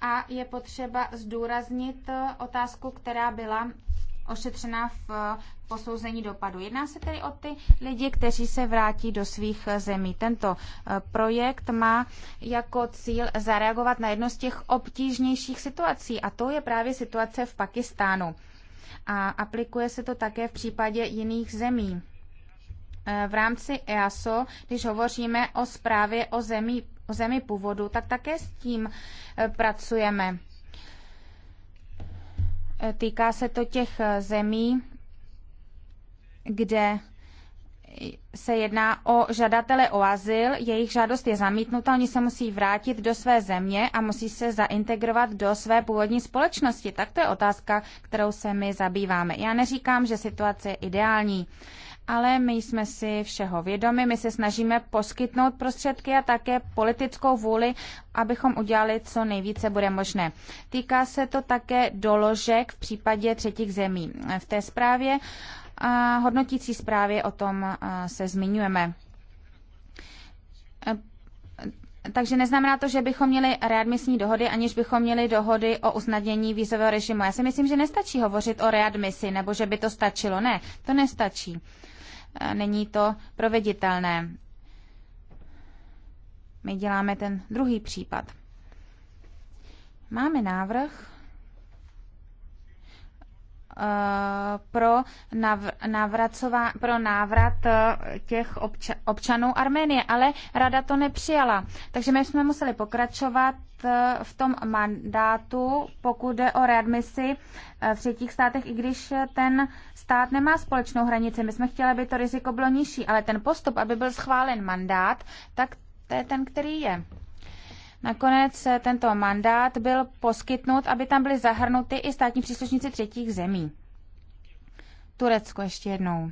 B: A je potřeba zdůraznit eh, otázku, která byla ošetřena v eh, posouzení dopadu. Jedná se tedy o ty lidi, kteří se vrátí do svých eh, zemí. Tento eh, projekt má jako cíl zareagovat na jedno z těch obtížnějších situací a to je právě situace v Pakistánu. A aplikuje se to také v případě jiných zemí. V rámci EASO, když hovoříme o zprávě o zemi, o zemi původu, tak také s tím pracujeme. Týká se to těch eh, zemí, kde se jedná o žadatele o azyl, jejich žádost je zamítnuta, oni se musí vrátit do své země a musí se zaintegrovat do své původní společnosti. Tak to je otázka, kterou se my zabýváme. Já neříkám, že situace je ideální ale my jsme si všeho vědomi, my se snažíme poskytnout prostředky a také politickou vůli, abychom udělali co nejvíce bude možné. Týká se to také doložek v případě třetích zemí. V té zprávě a hodnotící zprávě o tom se zmiňujeme. E, takže neznamená to, že bychom měli readmisní dohody, aniž bychom měli dohody o usnadnění vízového režimu. Já si myslím, že nestačí hovořit o readmisi, nebo že by to stačilo. Ne, to nestačí není to proveditelné. My děláme ten druhý případ. Máme návrh pro, navracová, pro návrat eh, těch obča, občanů Arménie, ale rada to nepřijala. Takže my jsme museli pokračovat eh, v tom mandátu, pokud jde o readmisi eh, v třetích státech, i když ten stát nemá společnou hranici. My jsme chtěli, aby to riziko bylo nižší, ale ten postup, aby byl schválen mandát, tak to je ten, který je. Nakonec eh, tento mandát byl poskytnut, aby tam byly zahrnuty i státní příslušníci třetích zemí. Turecko ještě jednou.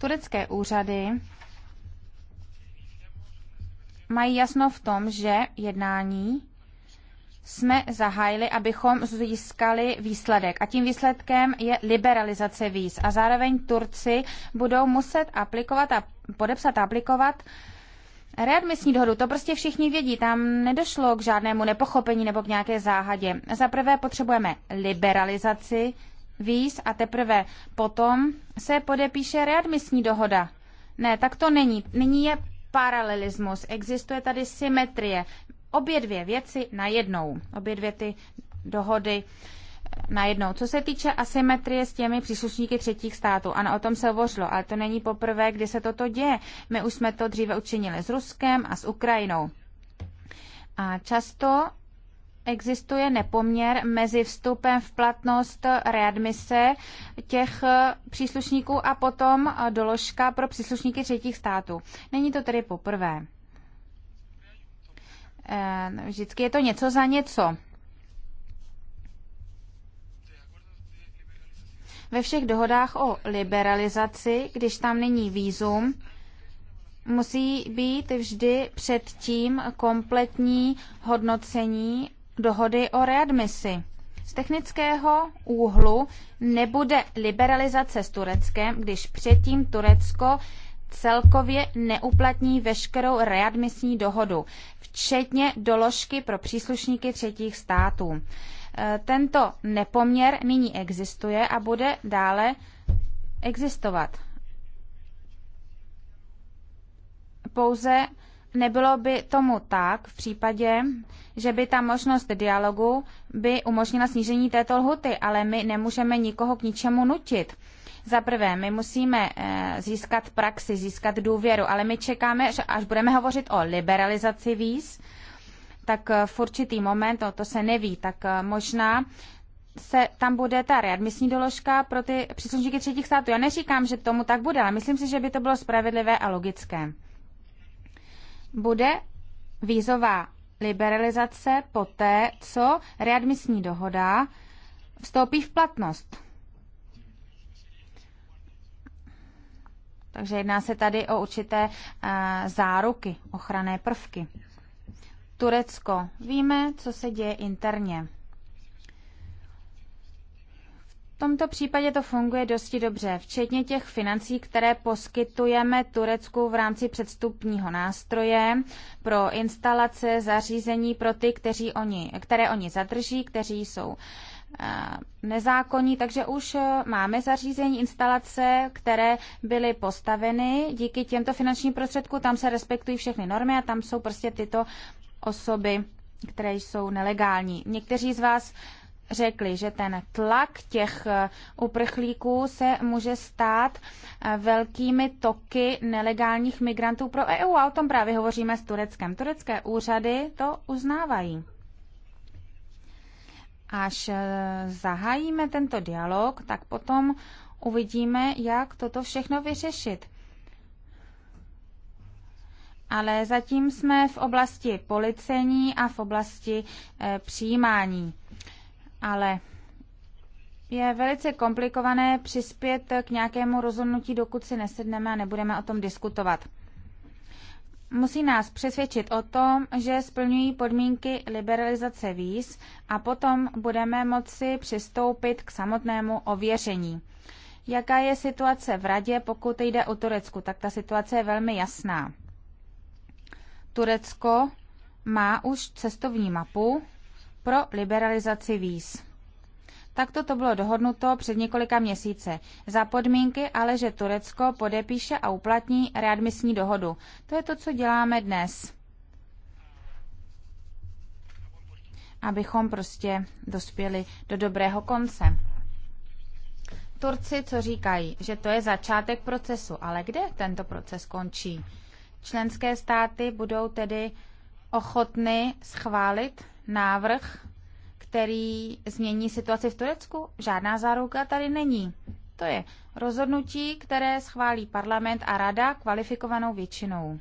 B: Turecké úřady mají jasno v tom, že jednání jsme zahájili, abychom získali výsledek. A tím výsledkem je liberalizace víz. A zároveň Turci budou muset aplikovat a podepsat a aplikovat Readmisní dohodu, to prostě všichni vědí, tam nedošlo k žádnému nepochopení nebo k nějaké záhadě. Za prvé potřebujeme liberalizaci víz a teprve potom se podepíše readmisní dohoda. Ne, tak to není. Nyní je paralelismus, existuje tady symetrie obě dvě věci na jednou. obě dvě ty dohody na jednou. Co se týče asymetrie s těmi příslušníky třetích států, ano, o tom se hovořilo, ale to není poprvé, kdy se toto děje. My už jsme to dříve učinili s Ruskem a s Ukrajinou. A často existuje nepoměr mezi vstupem v platnost readmise těch eh, příslušníků a potom eh, doložka pro příslušníky třetích států. Není to tedy poprvé. Eh, vždycky je to něco za něco. Ve všech dohodách o liberalizaci, když tam není výzum, musí být vždy předtím kompletní hodnocení dohody o readmisi. Z technického úhlu nebude liberalizace s Tureckem, když předtím Turecko celkově neuplatní veškerou readmisní dohodu, včetně doložky pro příslušníky třetích států. E, tento nepoměr nyní existuje a bude dále existovat. Pouze nebylo by tomu tak v případě, že by ta možnost dialogu by umožnila snížení této lhuty, ale my nemůžeme nikoho k ničemu nutit za prvé, my musíme eh, získat praxi, získat důvěru, ale my čekáme, že až budeme hovořit o liberalizaci víz, tak eh, v určitý moment, no to se neví, tak eh, možná se tam bude ta readmisní doložka pro ty příslušníky třetích států. Já neříkám, že tomu tak bude, ale myslím si, že by to bylo spravedlivé a logické. Bude vízová liberalizace poté, co readmisní dohoda vstoupí v platnost. Takže jedná se tady o určité eh, záruky, ochranné prvky. Turecko. Víme, co se děje interně. V tomto případě to funguje dosti dobře, včetně těch financí, které poskytujeme Turecku v rámci předstupního nástroje pro instalace, zařízení pro ty, kteří oni, které oni zadrží, kteří jsou Eh, nezákonní, takže už eh, máme zařízení, instalace, které byly postaveny díky těmto finančním prostředkům, tam se respektují všechny normy a tam jsou prostě tyto osoby, které jsou nelegální. Někteří z vás řekli, že ten tlak těch eh, uprchlíků se může stát velkými toky nelegálních migrantů pro EU a o tom právě hovoříme s Tureckem. Turecké úřady to uznávají až eh, zahájíme tento dialog, tak potom uvidíme, jak toto všechno vyřešit. Ale zatím jsme v oblasti policení a v oblasti e, přijímání. Ale je velice komplikované přispět k nějakému rozhodnutí, dokud si nesedneme a nebudeme o tom diskutovat musí nás přesvědčit o tom, že splňují podmínky liberalizace víz a potom budeme moci přistoupit k samotnému ověření. Jaká je situace v radě, pokud jde o Turecku? Tak ta situace je velmi jasná. Turecko má už cestovní mapu pro liberalizaci víz. Takto to bylo dohodnuto před několika měsíce. Za podmínky ale, že Turecko podepíše a uplatní readmisní dohodu. To je to, co děláme dnes. Abychom prostě dospěli do dobrého konce. Turci, co říkají, že to je začátek procesu, ale kde tento proces končí? Členské státy budou tedy ochotny schválit návrh který změní situaci v Turecku? Žádná záruka tady není. To je rozhodnutí, které schválí parlament a rada kvalifikovanou většinou.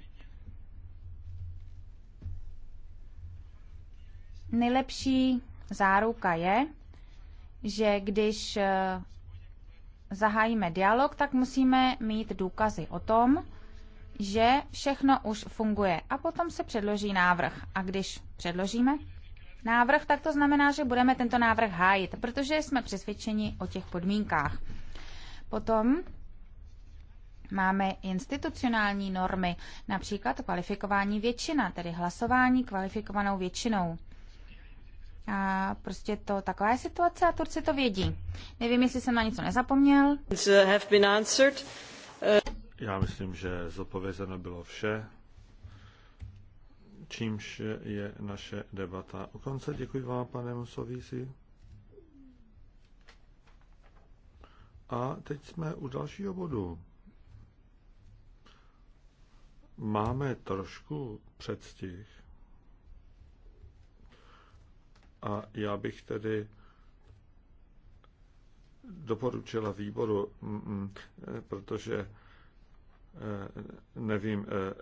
B: Nejlepší záruka je, že když eh, zahájíme dialog, tak musíme mít důkazy o tom, že všechno už funguje a potom se předloží návrh. A když předložíme návrh, tak to znamená, že budeme tento návrh hájit, protože jsme přesvědčeni o těch podmínkách. Potom Máme institucionální normy, například kvalifikování většina, tedy hlasování kvalifikovanou většinou. A prostě to taková je situace a Turci to vědí. Nevím, jestli jsem na něco
C: nezapomněl.
A: Já myslím, že zodpovězeno bylo vše čímž je naše debata u konce. Děkuji vám, pane Musovísi. A teď jsme u dalšího bodu. Máme trošku předstih. A já bych tedy doporučila výboru, mm, mm, protože eh, nevím, eh,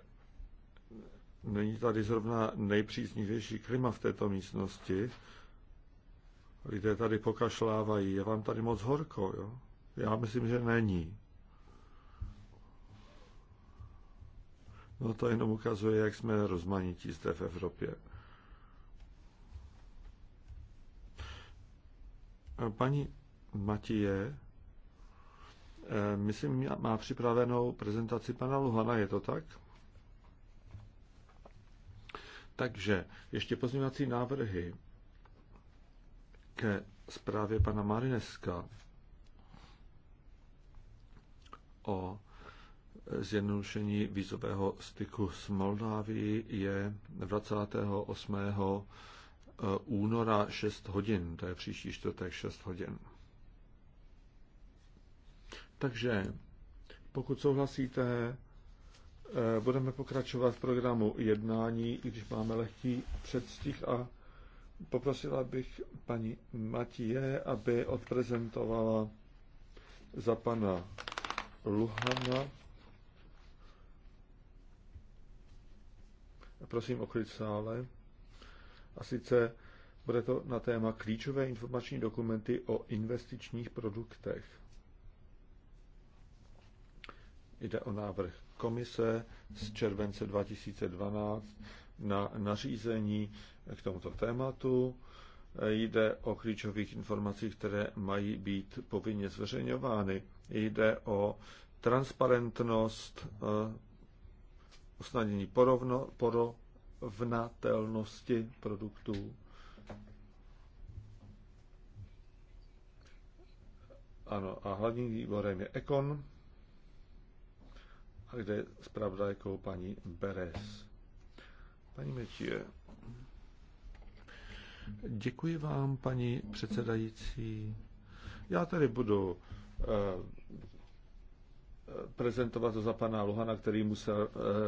A: Není tady zrovna nejpříznivější klima v této místnosti. Lidé tady pokašlávají. Je vám tady moc horko, jo? Já myslím, že není. No to jenom ukazuje, jak jsme rozmanití zde v Evropě. Paní Matije, eh, myslím, má připravenou prezentaci pana Luhana, je to tak? Takže ještě pozměňovací návrhy ke zprávě pana Marineska o zjednodušení vízového styku s Moldávií je 28. Eh, února 6 hodin, to je příští čtvrtek 6 hodin. Takže pokud souhlasíte, Eh, budeme pokračovat v programu jednání, i když máme lehký předstih a poprosila bych paní Matie, aby odprezentovala za pana Luhana. Prosím o klid sále. A sice bude to na téma klíčové informační dokumenty o investičních produktech. Jde o návrh komise z července 2012 na nařízení k tomuto tématu. Jde o klíčových informací, které mají být povinně zveřejňovány. Jde o transparentnost, eh, usnadnění porovno, porovnatelnosti produktů. Ano, a hlavním výborem je Ekon kde zpravodajkou paní Beres. Paní Mečie, děkuji vám, paní předsedající. Já tady budu eh, eh, prezentovat to za pana Luhana, který musel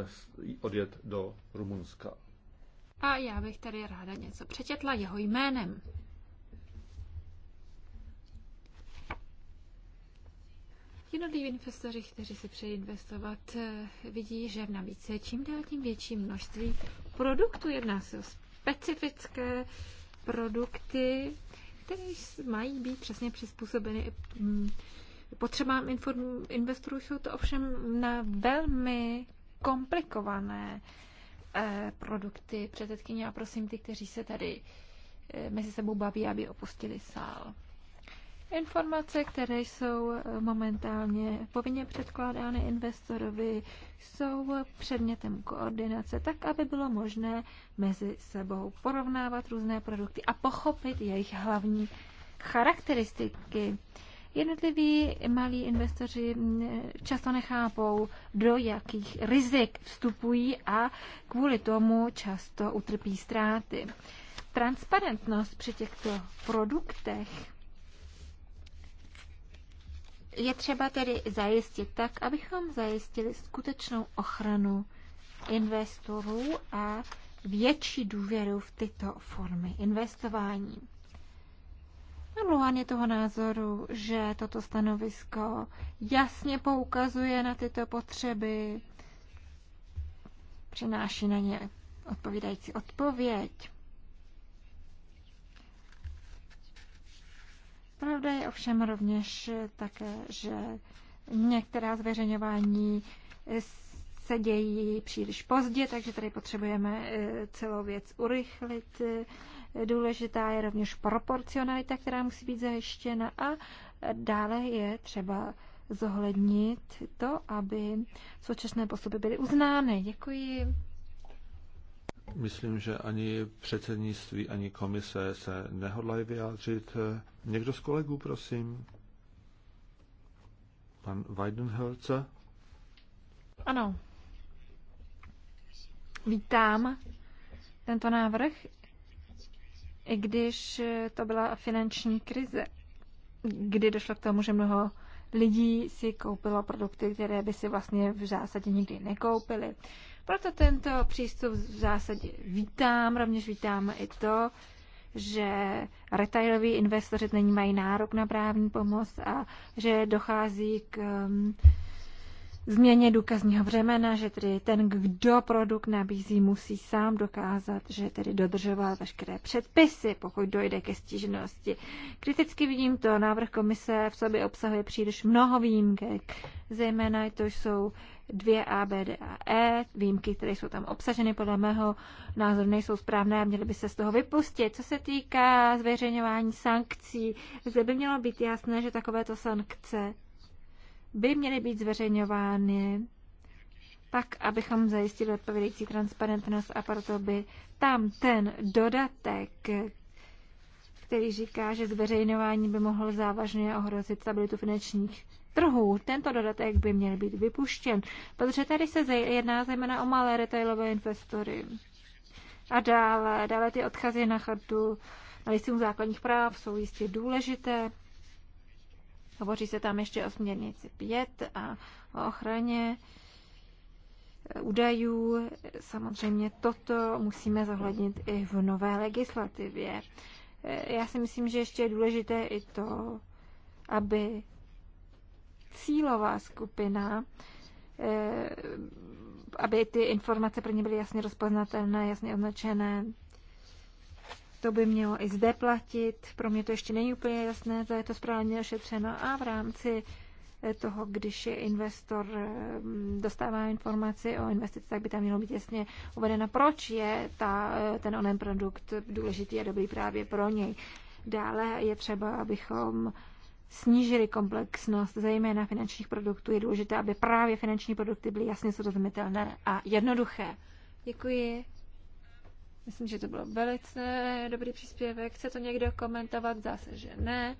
A: eh, odjet do Rumunska.
C: A já bych tady ráda něco přečetla jeho jménem. Jednotliví investoři, kteří si přejí investovat, eh, vidí, že v nabídce čím dál tím větší množství produktů. Jedná se o specifické produkty, které mají být přesně přizpůsobeny mm, potřebám investorů. Jsou to ovšem na velmi komplikované eh, produkty. Předsedkyně a prosím ty, kteří se tady eh, mezi sebou baví, aby opustili sál. Informace, které jsou eh, momentálně povinně předkládány investorovi, jsou předmětem koordinace, tak aby bylo možné mezi sebou porovnávat různé produkty a pochopit jejich hlavní charakteristiky. Jednotliví malí investoři eh, často nechápou, do jakých rizik vstupují a kvůli tomu často utrpí ztráty. Transparentnost při těchto produktech je třeba tedy zajistit tak, abychom zajistili skutečnou ochranu investorů a větší důvěru v tyto formy investování. A Luan je toho názoru, že toto stanovisko jasně poukazuje na tyto potřeby, přináší na ně odpovídající odpověď. Pravda je ovšem rovněž také, že některá zveřejňování se dějí příliš pozdě, takže tady potřebujeme eh, celou věc urychlit. Eh, důležitá je rovněž proporcionalita, která musí být zajištěna a dále je třeba zohlednit to, aby současné postupy byly uznány. Děkuji.
A: Myslím, že ani předsednictví, ani komise se nehodlají vyjádřit. Někdo z kolegů, prosím? Pan Weidenhölzer?
C: Ano. Vítám tento návrh, i když to byla finanční krize, kdy došlo k tomu, že mnoho lidí si koupilo produkty, které by si vlastně v zásadě nikdy nekoupili. Proto tento přístup v zásadě vítám, rovněž vítám i to, že retailoví investoři není mají nárok na právní pomoc a že dochází k um, změně důkazního břemena, že tedy ten, kdo produkt nabízí, musí sám dokázat, že tedy dodržoval veškeré předpisy, pokud dojde ke stížnosti. Kriticky vidím to, návrh komise v sobě obsahuje příliš mnoho výjimek, zejména to jsou dvě A, B, D a E, výjimky, které jsou tam obsaženy, podle mého názoru nejsou správné a měly by se z toho vypustit. Co se týká zveřejňování sankcí, zde by mělo být jasné, že takovéto sankce by měly být zveřejňovány tak, abychom zajistili odpovědající transparentnost a proto by tam ten dodatek, který říká, že zveřejňování by mohlo závažně ohrozit stabilitu finančních trhů. Tento dodatek by měl být vypuštěn, protože tady se jedná zejména o malé retailové investory. A dále, dále ty odkazy na chatu na listinu základních práv jsou jistě důležité. Hovoří se tam ještě o směrnici 5 a o ochraně údajů. Samozřejmě toto musíme zohlednit i v nové legislativě. Já si myslím, že ještě je důležité i to, aby cílová skupina, eh, aby ty informace pro ně byly jasně rozpoznatelné, jasně označené, to by mělo i zde platit. Pro mě to ještě není úplně jasné, zda je to správně ošetřeno. A v rámci eh, toho, když je investor eh, dostává informaci o investici, tak by tam mělo být jasně uvedeno, proč je ta, eh, ten onen produkt důležitý a dobrý právě pro něj. Dále je třeba, abychom snížili komplexnost, zejména finančních produktů. Je důležité, aby právě finanční produkty byly jasně srozumitelné a jednoduché. Děkuji. Myslím, že to bylo velice dobrý příspěvek. Chce to někdo komentovat? Zdá se, že ne.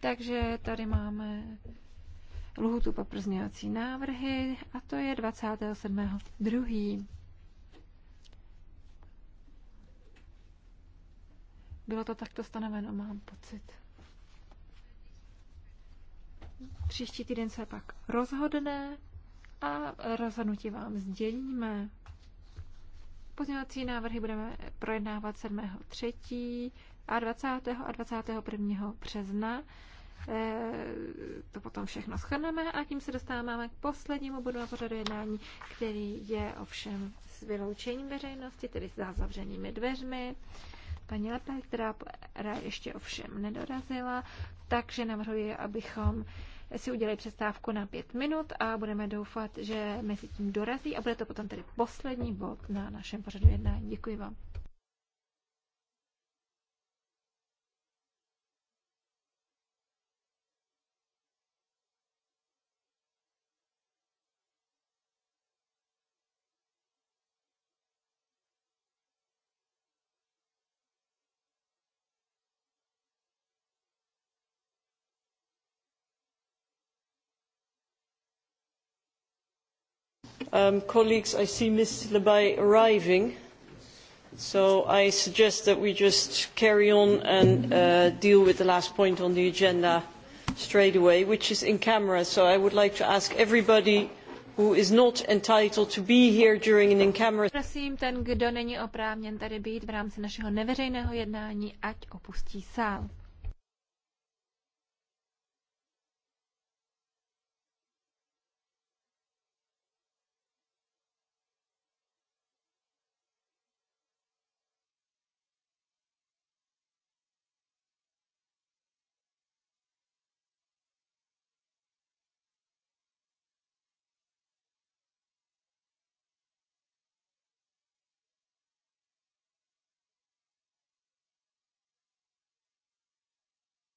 C: Takže tady máme lhutu poprzňovací návrhy a to je 27.2. Bylo to takto stanoveno, mám pocit. Příští týden se pak rozhodne a rozhodnutí vám sdělíme. Pozměňovací návrhy budeme projednávat 7. 3. a 20. a 21. března. Eh, to potom všechno schrneme a tím se dostáváme k poslednímu bodu na pořadu jednání, který je ovšem s vyloučením veřejnosti, tedy s zavřenými dveřmi. Paní Lepe, která ještě ovšem nedorazila, takže navrhuji, abychom si udělají přestávku na pět minut a budeme doufat, že mezi tím dorazí a bude to potom tedy poslední bod na našem pořadu jednání. Děkuji vám. Um, colleagues, I see Ms. Labai arriving, so I suggest that we just carry on and uh, deal with the last point on the agenda straight away, which is in camera. So I would like to ask everybody who is not entitled to be here during an in camera. Prosím, ten, kdo není oprávněn tady být v rámci našeho neveřejného jednání, ať opustí sál.